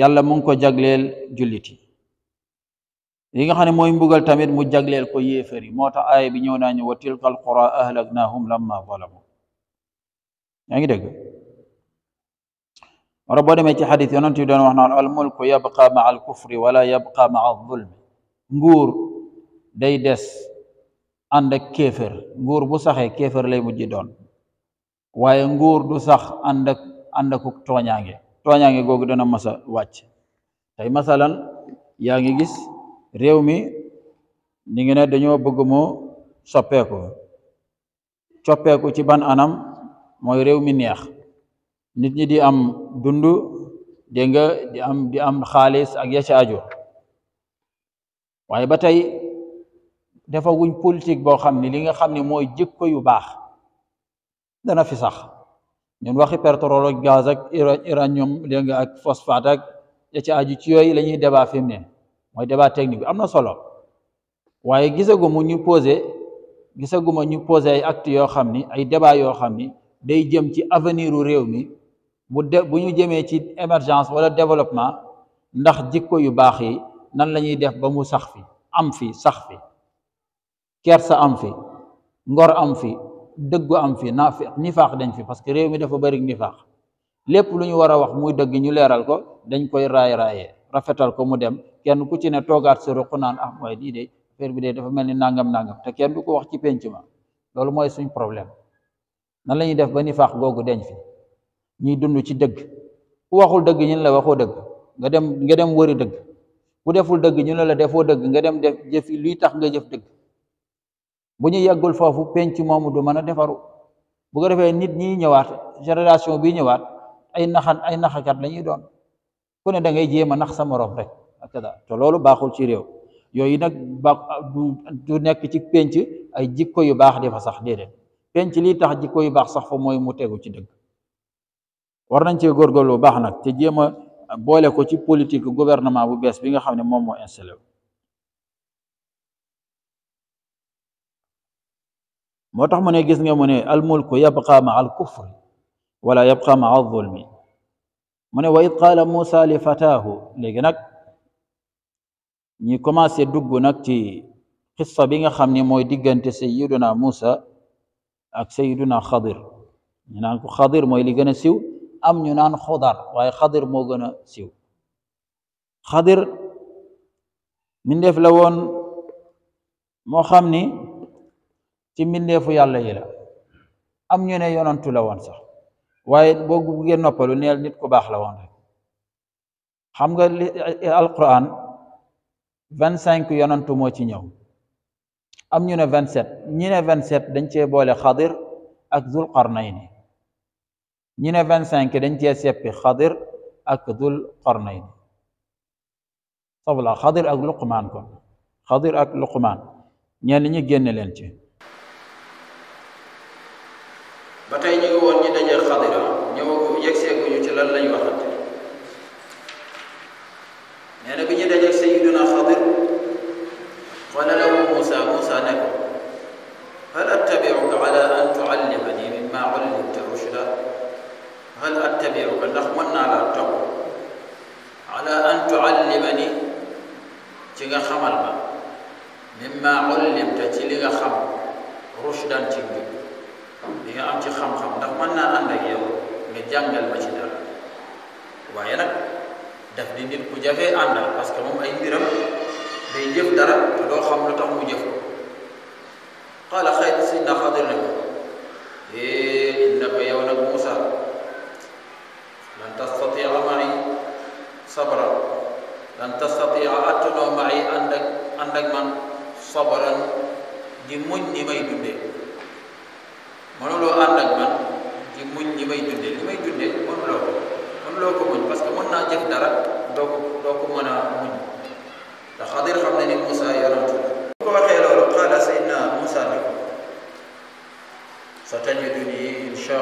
A: yalla mu ngi ko jagleel juliti yi li nga xamne moy mbugal tamit mu jaglel ko yéefari mota ay bi ñëw nañu wa tilkal qura ahlaknahum lamma zalamu yaa ngi deg wara bo deme ci hadith yonent yi doon wax na al mulku yabqa ma al kufri wala yabqa ma al zulm nguur day dess ànd ak kefer nguur bu saxé kefer lay mujj doon waye nguur du sax ànd ak ànd ak toñangé toñangé gogu dana massa wàcc tay masalan ya ngi gis réew mi ñu ngi ne dañoo bëgg mu soppeeku coppeeku ci ban anam mooy réew mi neex nit ñi di am dund dégg di am di am xaalis ak ya ca waaye ba tey dafa wuñ politique boo xam ne li nga xam ni mooy jikko yu baax dana fi sax ñun waxi pétrole ak gaz ak uranium dégg ak phosphate ak ya ca aju ci yooyu la ñuy débat fi mu mooy débat technique bi am na solo waaye gisaguma ñu posé gisaguma ñu posé ay acte yoo xam ni ay débat yoo xam ni day jëm ci avenir u réew mi bu de bu ñu jëmee ci émergence wala développement ndax jikko yu baax yi nan la ñuy def ba mu sax fi am fi sax fi kersa am fi ngor am fi dëggu am fi naafi nifaax dañ fi parce que réew mi dafa bari nifaax lépp lu ñu war a wax muy dëgg ñu leeral ko dañ koy raay raayee rafetal ko mu dem kenn ku ci ne toogaat si ruq naan ah mooy lii de affaire bi dee dafa mel ni nangam nangam te kenn du ko wax ci penc ma loolu mooy suñ problème nan la ñuy def ba nifaax googu deñ fi ñuy dund ci dëgg ku waxul dëgg ñu ne la waxoo dëgg nga dem nga dem wëri dëgg ku deful dëgg ñu ne la defoo dëgg nga dem def jëfi luy tax nga jëf dëgg bu ñu yeggul foofu penc moomu du mën a defaru bu ko defee nit ñi ñëwaat génération bi ñëwaat ay naxan ay naxakat la ñuy doon ku ne da ngay jema nax sa morom rek ak da to lolu baxul ci rew yoy nak ba du nek ci penc ay jikko yu bax di sax dede penc li tax jikko yu bax sax fa moy mu teggu ci deug war nañ cee góorgóorlu bax nak te jema bolé ko ci politique gouvernement bu bes bi nga xamne mom mo moo installé moo tax ne gis nga mo ne al mulku yabqa ma al kufr wala yabqa ma al zulmi من وإذ قال موسى لفتاه لجنك نيكما سيدوغو نكتي قصة بيغا خامني موي ديغان سيدنا موسى اك سيدنا خضر نان خضر موي لي سيو ام ني نان خضر واي خضر مو غنا سيو خضر من ديف لاون مو خامني تي من ديفو يالا يلا ام ني نه يونتو لاون صح waaye boo buggee noppalu neel nit ku baax la woon rek xam nga li alquran vingt cinq yonantu moo ci ñëw am ñu ne vingt sept ñi ne vingt sept dañ cee boole xadir ak zul qarnayni ñi ne vingt dañ cee seppi xadir ak zul qarnayni sabla xadir ak luqmaan kon xadir ak luqmaan ñenn ñi génn leen ci ba tey ñu xadira ñëw yegseeguñu ci lan lañ waxante nee na bi ñu dajeeg sayiduna xadir qala lahu musa musa ne ko hal attabiuka ala an tuallimani mimma ullimta rushda hal attabiuka ndax mën naa laa topp ala an tuallimani ci nga xamal ma mimma ullimta ci li nga xam rushdan ci njub li nga am ci xam-xam ndax mën naa ànd ak yow nga jàngal ma dara waaye nag daf di nit ku jafee àndal parce que moom ay mbiram day jëf dara te xam lu tax mu jëf ko xaala xëy si xadir ne ko eh, inna ko yow nag Moussa lan tastatia mai sabra lan tastatia attanoo mai ànd ak ànd ak di muñ ni may dundee mënuloo ànd ak man ci muñ li may dundee li may dundee mënuloo ko mënuloo ko muñ parce mën naa jëf dara doo ko doo ko mën a muñ te xadir xam ne ni Moussa yonantu bu ko waxee loolu qaala sayyidna Moussa ne ko sa tajiduni insha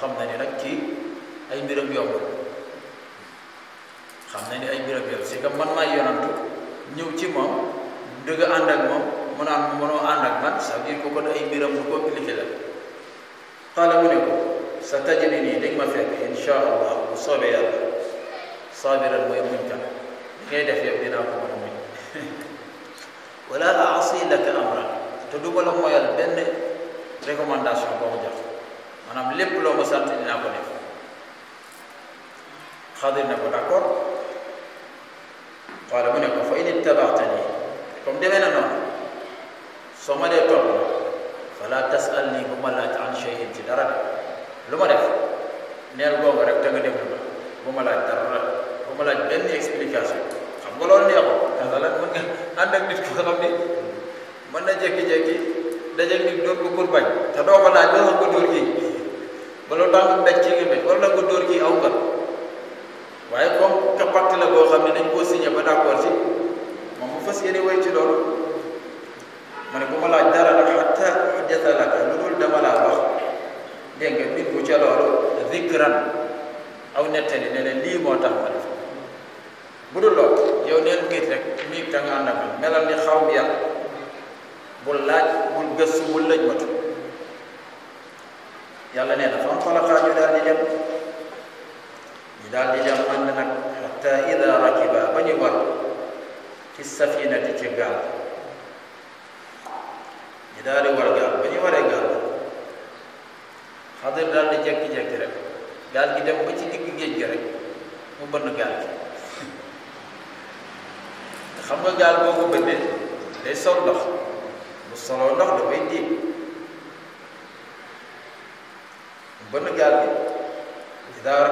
A: xam na ni nag ci ay mbiram yomb xam na ni ay mbiram yomb si que man maay yonantu ñëw ci moom dëgg ànd ak moom mono mono ànd ak man ça veut dire que kon ay mbiram lu compliqué la qaala mu ne ko sa tajini nii dañ ma fekk insha allah bu soobee yàlla saabiran mooy muñ kan ngay def yow dinaa ko mën a muñ wala aasi laka amra te du ma la moyal benn recommandation boo ma jox maanaam lépp loo ma sant dinaa ko def xadir na ko d' accord qaala mu ne ko fa in ittabaatani comme demee na noonu soo ma dee topp fala tasal nii bu ma laaj an shay'in ci dara lu ma def neel googu rek te nga déglu ma bu ma laaj ma laaj benn explication xam nga loolu neexul parce que lan mën nga ànd na jékki-jékki da nit dóor ko pour bañ te doo ko laaj ba nga ko dóor kii bala daa ko daj ci ngi war na ko dóor kii aw nga waaye comme que pacte la boo xam ne dañ koo signé ba d'accord si moom mu fas yéene way ci loolu mana bogola darala hatta hajjata laka nunul damala ba denga min ko jaloro dhikran aw nettali nene li mo tax ma def budul lo yow neen ngeet rek mi ta nga andam melal ni xawm yàlla bul laaj bul gëstu bul lëj matu yàlla nee na fan xalaqa ñu daal di dem ñu daal di dem ànd nag hatta ida rakiba ba ñu war ci safinati ci gaal ci daal di war gaal ba ñu waree gaal xadir daal di jekki-jekki rek gaal gi dem ba ci digg géej gi rek mu bënn gaal gi te xam nga gaal boo ko bënnee day sol ndox bu soloo ndox dafay diig mu bënn gaal gi ci daa war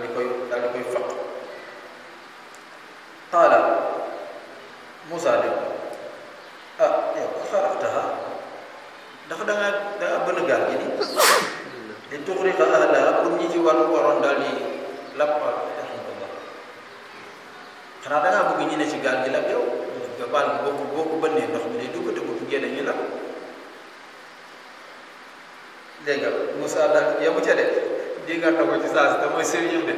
A: di koy daal di koy faq Qala Musa dia ah, ya, kharaqtaha dah dah dah benegal gini itu mereka ada kunci jiwan koron dari lapar karena dah begini nih si galgi lah kau gabal boku boku benih dah beli dulu tu boku dia dah dia Musa dah ya macam dia dia kata kau cisas tapi sering dia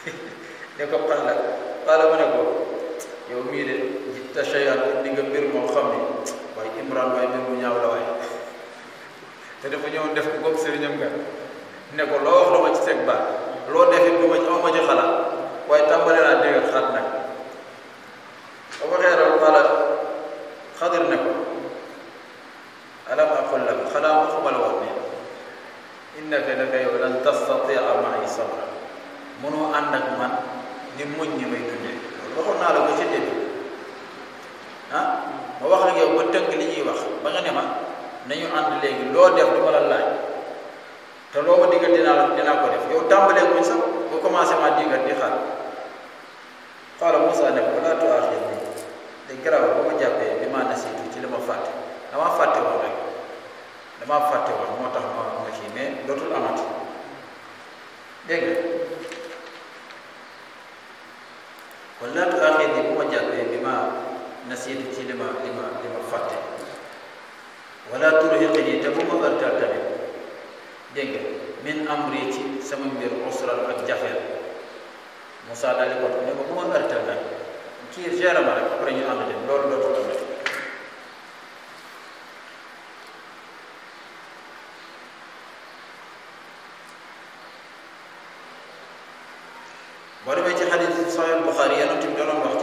A: dia kau pernah قال من أقول يومي جبت شيئا عندي غمير مو خمي واي امران واي ميمو نياو لا واي تدي فو نيو ديف كوك سيرنيام كان نيكو لو واخ لو ما سيك با لو ديف بو ما ما جي خلا واي تامبالي لا ديغ خات نا ابو غير قال خضر نكو الم اقول لك خلا مقبل وطني انك لك لن تستطيع معي صبرا منو عندك من, من ni muñ ni may dundee waxoon naa la ko ci début ah ma wax ak yow ba tënk li ñuy wax ba nga ne ma nañu ànd léegi loo def du ma la laaj te loo ma digal dinaa la dinaa ko def yow tàmbalee muñ sax bu commencé ma digal di xaar xaala Moussa ne ko laa tuaaxir ni de garaaw ba ma jàppee bi maa nasiitu ci li ma fàtte damaa fàtte woon rek damaa fàtte woon moo tax ma nga kii mais dootul amati dégg nga wala laa tu'aaxidnii bu ma jàppee bi ma nasiitu ci li ma li ma li ma fàtte wala turhiqnii te bu ma ërtal tamit dégg nga min amri ci sama mbir usran ak jafeel Moussa daal di ko ne ko bu ma ërtal nag kii géré ma rek après ñu ànd dem loolu dootul Sahih Bukhari yonent bi doon wax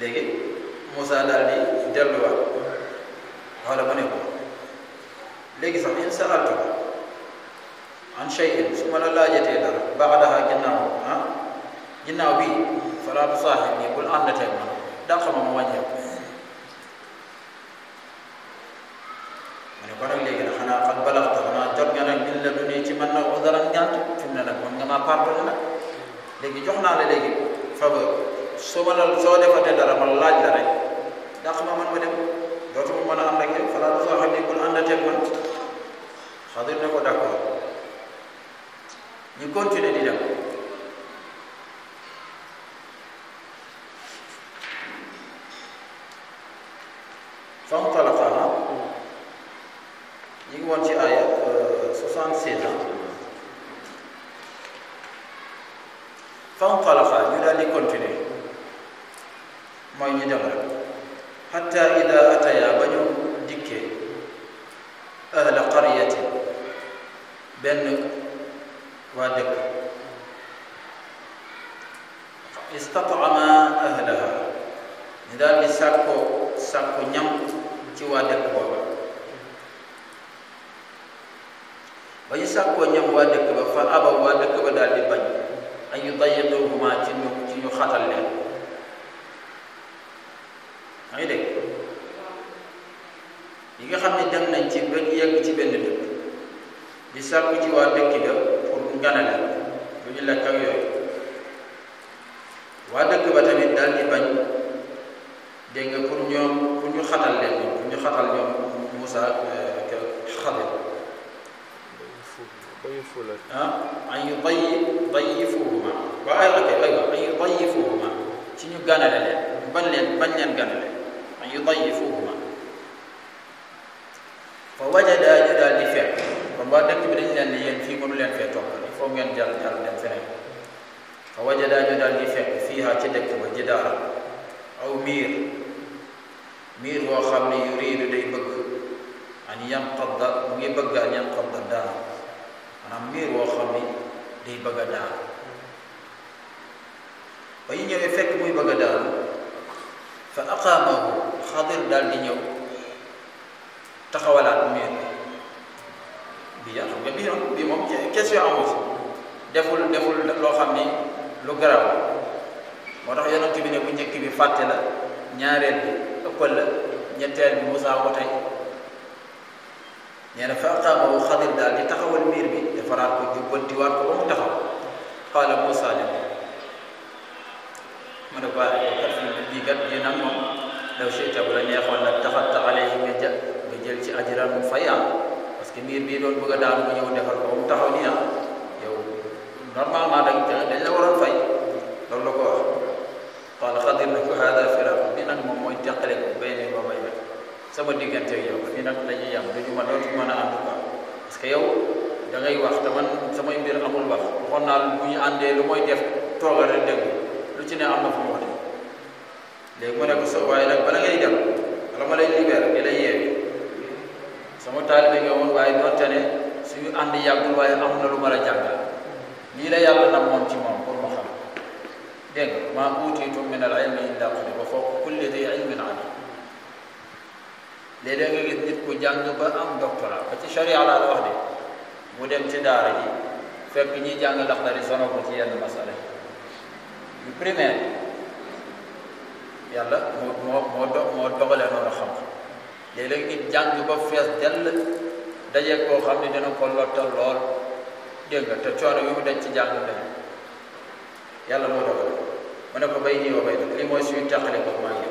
A: léegi Moussa daal di delluwaat xoola mu ne ko léegi sax in saaltu an shay'in su ma la laajatee dara ba'daha ginnaaw ah ginnaaw bi falaa tusaaxib nii bul àndatee ma dàq ma a wàññeeku mu ne ko nag léegi nag xanaa xat balaxta xanaa jot nga nag min la du nii ci man na ko dara ngant fi nga maa pardonné nag léegi jox naa la léegi faveur somanal soo defatee dara man laaj la rek dàq ma man ma dem dootuma mën a ànd ak yow xalaat soo xam ne bul àndateeg man xadir ne ko d'accord ñu continuer di dem hajiran faya parce que mbir bii doon bëgg daal daanu nga ñëw defar ko mu taxaw ni ah yow ma dañ ta dañ la waroon fay loolu la ko wax qaala xadir nak hada firaq bi nak mom moy teqale ko bayni ni ba bay nag sama digante ak yow fi nak lañu yam duñu ma dootu mën a ànd quoi parce que yow da ngay wax te man sama mbir amul wax waxon na lu ñu andé lu moy def toogal rek dégg lu ci ne am na fu mo def léegi mo ne so way nak ba la ngay dem bala ma lay libéré di lay yee sama talibé nga woon waaye donte ne suñu ànd yagul way amna lu mara jang li la yàlla na moom ci mom pour ma xam deg ma uti tu min al ilmi inda qulli wa foofu kulli di ilmin ali léeg-léeg nga gis nit ko jàng ba am doctorat ba ci sharia la wax de mu dem ci daara ji fekk ñi jàng ndax dari sono ko ci yenn masale yu primaire yàlla mo mo mo do moo dogalee noonu xam-xam léeg-léeg nit jàng ba fees dell daje koo xam ne dina ko lottal lool dégg nga te coono yu mu dañ ci jàng ne yàlla moo dogal mu ne ko bay nii wa bay nag li mooy suñu taxale ko maa ngi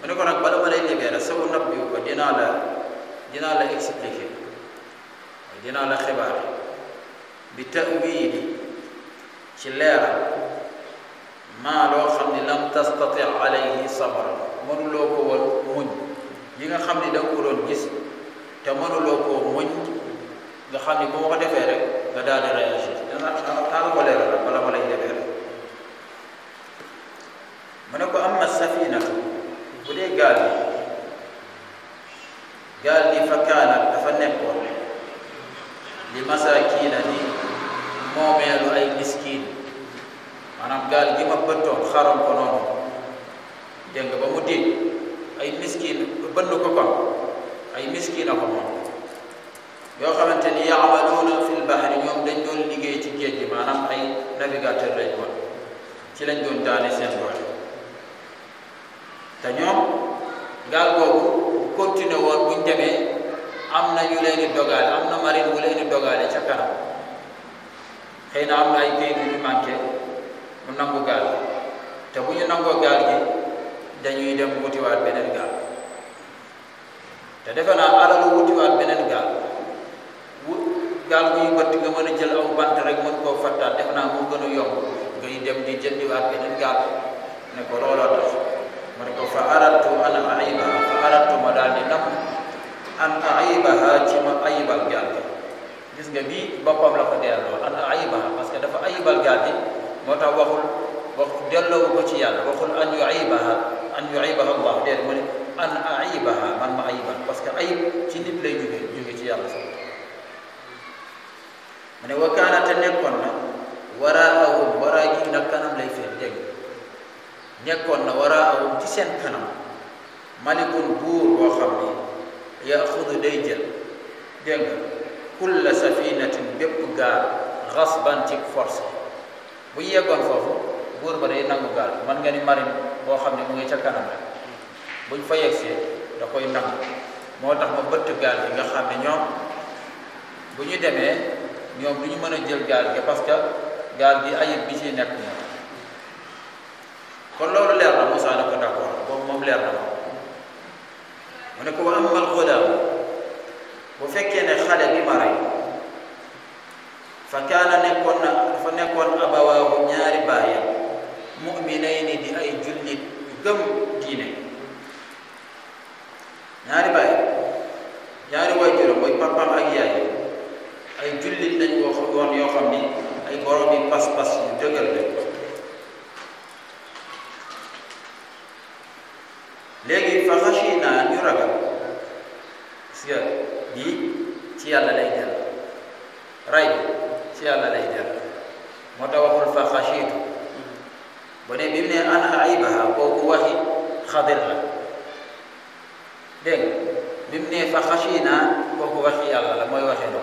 A: mu ne ko nag bala ma lay libéré sama nab bi ko dinaa la dinaa la expliqué dinaa la xibaar bi tawili ci leeral maa loo xam ne lam tastati alayhi sabara mënuloo ko woon muñ yi nga xam ni da gis te mënuloo koo muñ nga xam ni boo ko defee rek nga daal di réagir dana taal ko mu ne ko am na safina bu dee gaal gi gaal gi fa kaana dafa nekkoon li masaakiina ni moomeelu ay miskiin maanaam gaal gi ma bëttoon xaram ko noonu dégg nga ba mu déet ay miskin bënd ko kon ay miskin a ko moom yoo xamante ni yaamaluuna fil bahri ñoom dañ doon liggéey ci géej gi maanaam ay navigateur lañ woon ci lañ doon daane seen doole te ñoom gaal googu continué woon buñ demee am na ñu leen di am na marine bu leen dogale dogaale ca xëy na am na ay kayit yu ñu mu nangu gaal te bu nangoo gaal gi dañuy dem wutiwaat benen gaal te defe naa wuti wutiwaat benen gaal wu gaal guy bëtt nga mën a jël aw bant rek mën koo fattaat def naa moo gën a yomb ngay dem di jëndiwaat benen gaal ne ko looloo tax ma ne ko fa arattu ana aibaha fa arattu ma daal di nam an aibaha ci ma ayibal gaal gi gis nga bii boppam la ko delloo an aibaha parce que dafa ayibal gaal gi moo tax waxul wax delloo ko ci yàlla waxul an yu أن يعيبها الله دير ملي أن أعيبها من ما عيبها بس كعيب تنيب لي جوه جوه تيا الله من وكان تنيكون وراء أو وراء كي نكنا ملي في الدنيا نيكون وراء أو تسين كنا ملك بور وخبي يأخذ ديجل دنيا كل سفينة بيبقى غصبا تكفرس ويا كون فوفو بور بري نعو قال من غني مارين boo xam ne mu ngi ca kanam rek buñ fa yegsee da koy nangu moo tax ma bëtt gaal gi nga xam ne ñoom bu ñu demee ñoom du ñu mën a jël gaal gi parce que gaal gi ayib bi ci nekk moom kon loolu leer na Moussa ne ko d'accord boobu moom leer na ko mu ne ko wa ammal gulaam bu fekkee ne xale bi ma rey fa kaana nekkoon na dafa nekkoon abawaahu ñaari baayam muminay ni di ay jullit yu gëm diine ñaari baay ñaari way juróom mooy papaam ak yaay ay jullit lañ ko woon yoo xam ni ay borom yi pas-pas yu dëgër lañ léegi fa xashi ñu ragal parce que lii ci lay jël ray ci yàlla lay jël moo tax waxul fa xashiitu bone bimne an aibaha ko ko wahi khadirha deng bimne fa khashina ko ko wahi allah la moy wahi do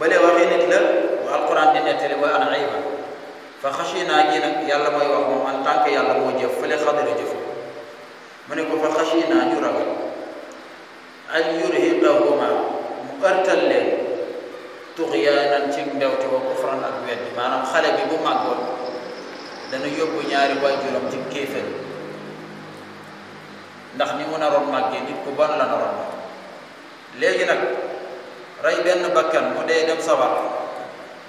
A: bale wahi nit la wa alquran dina tele wa an aiba fa khashina gina yalla moy wax mom an tanke yalla mo jëf fele khadir jëf mané ko fa khashina ñu ragal ay yurhiqahuma mu artal len tughyanan ci mbewte wa kufran ak wedd manam xale bi bu magol dana yóbbu ñaari waajuram ci kéefér ndax ni mu naroon màggee nit ku bon la naroon léegi nag rey benn bakkan mu dee dem sawar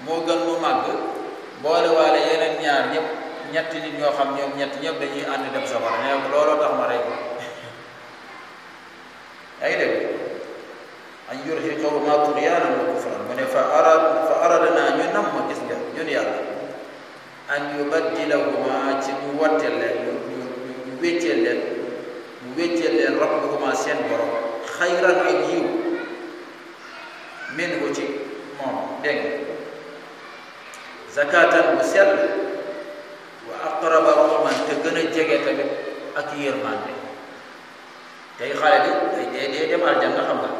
A: moo gën mu màgg boole waale yeneen ñaar ñëpp ñetti nit ñoo xam ñoom ñetti ñëpp dañuy ànd dem sawar ma rey ko ay dégg an yurhiqahumaa tughyaana mu ne fa arad fa aradnaa ñu nam ma gis nga ñun yàlla an yubaddilahuma ci mu wotteel leen ñu ñu wécceel leen mu wécceel leen seen borom xayran yiw mel ko ci moom dégg zakatan bu sell wa aqraba raxman te gën a jege tamit ak yërmande tey xale bi day dee dee dem aljanna xam nga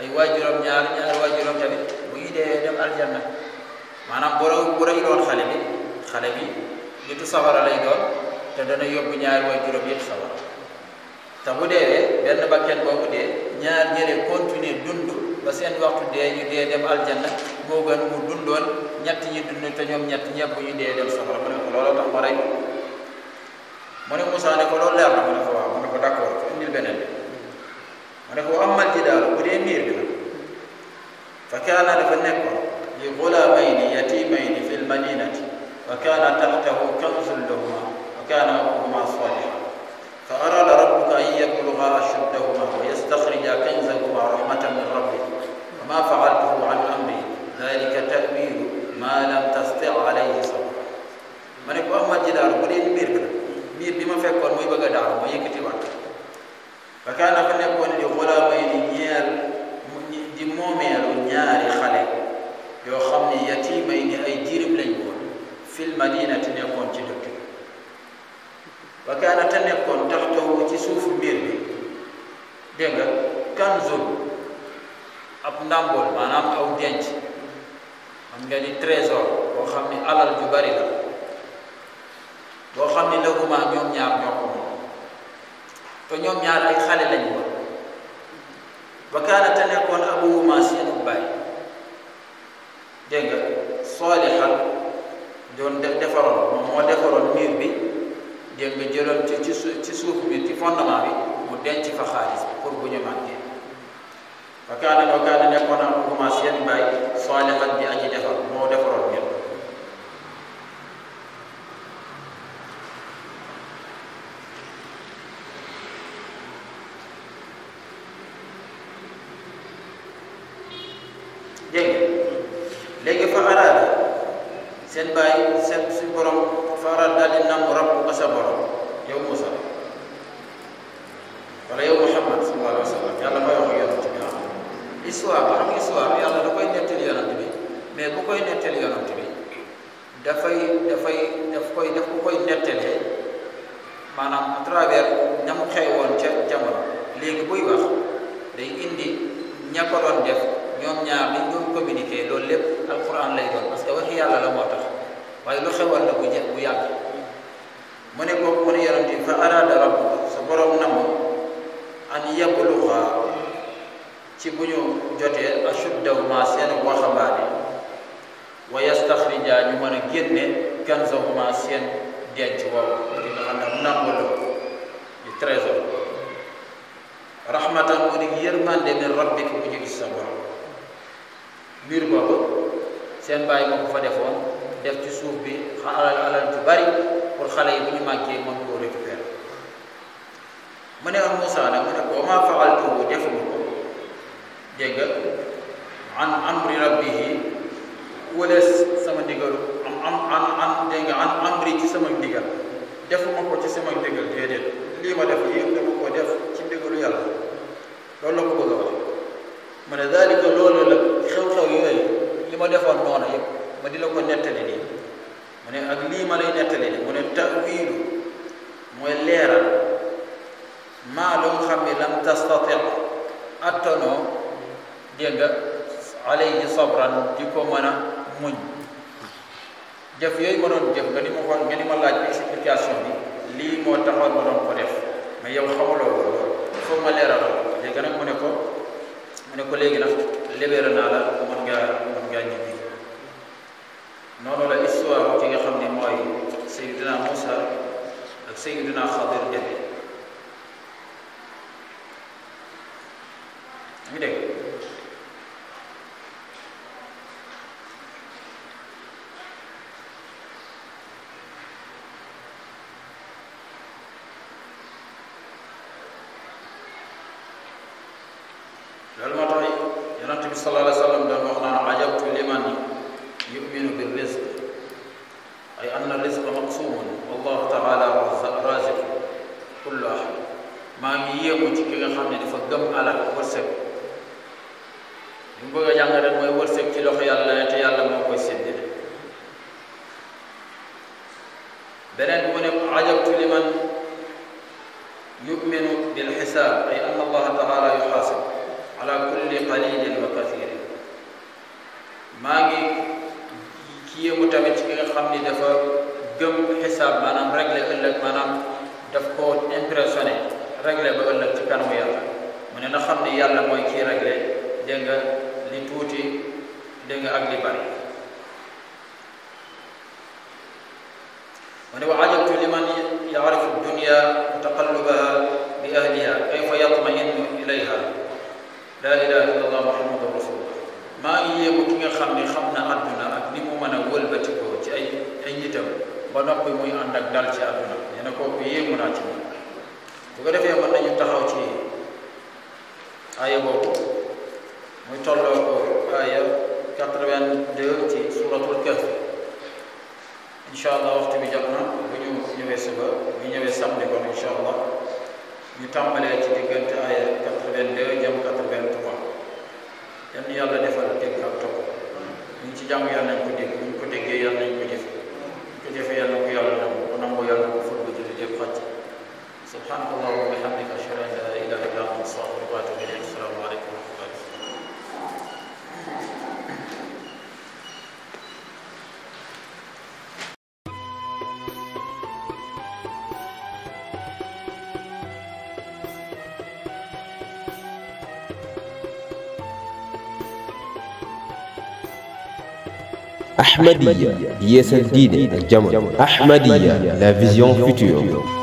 A: ay waajuram ñaar ñaar waajuram tamit bu ñu dee dem aljanna maanaam bu rëy bu xale bi xale bi nitu safara lay doon te dana yóbbu ñaari way juróom yëpp safara te bu deewee benn bakken boobu dee ñaar ñëre continuer dund ba seen waxtu dee ñu dee dem aljanna moo gën mu dundoon ñett ñi dund te ñett ñëpp bu ñu dee dem safara mu ne ko looloo tax ma rey mu ne Moussa ne ko loolu leer na mu ne ko waaw mu ne ko d'accord indil beneen bi mu ne ko amal وكان تحته كنز لهما وكان la ko nettali nii mu ne ak lii ma lay nettali nii mu ne tawilu mooy leeral maa loo xam ne lam tastati attanoo nga alayhi sabran di ko mën a muñ jëf yooyu ma doon jëf nga ni ma nga ni ma laaj explication bi lii moo taxoon ma doon ko def mais yow xamuloo ko foog ma leeraloo léegi nag mu ne ko mu ne ko léegi nag libéré naa la mën ngaa ngaa ñibbi نورو الاسوار كي خمن موي سيدنا موسى اك سيدنا خضر جدي ميدك Ahmadiyya yeesal Dine. ak Ahmadiyya la vision future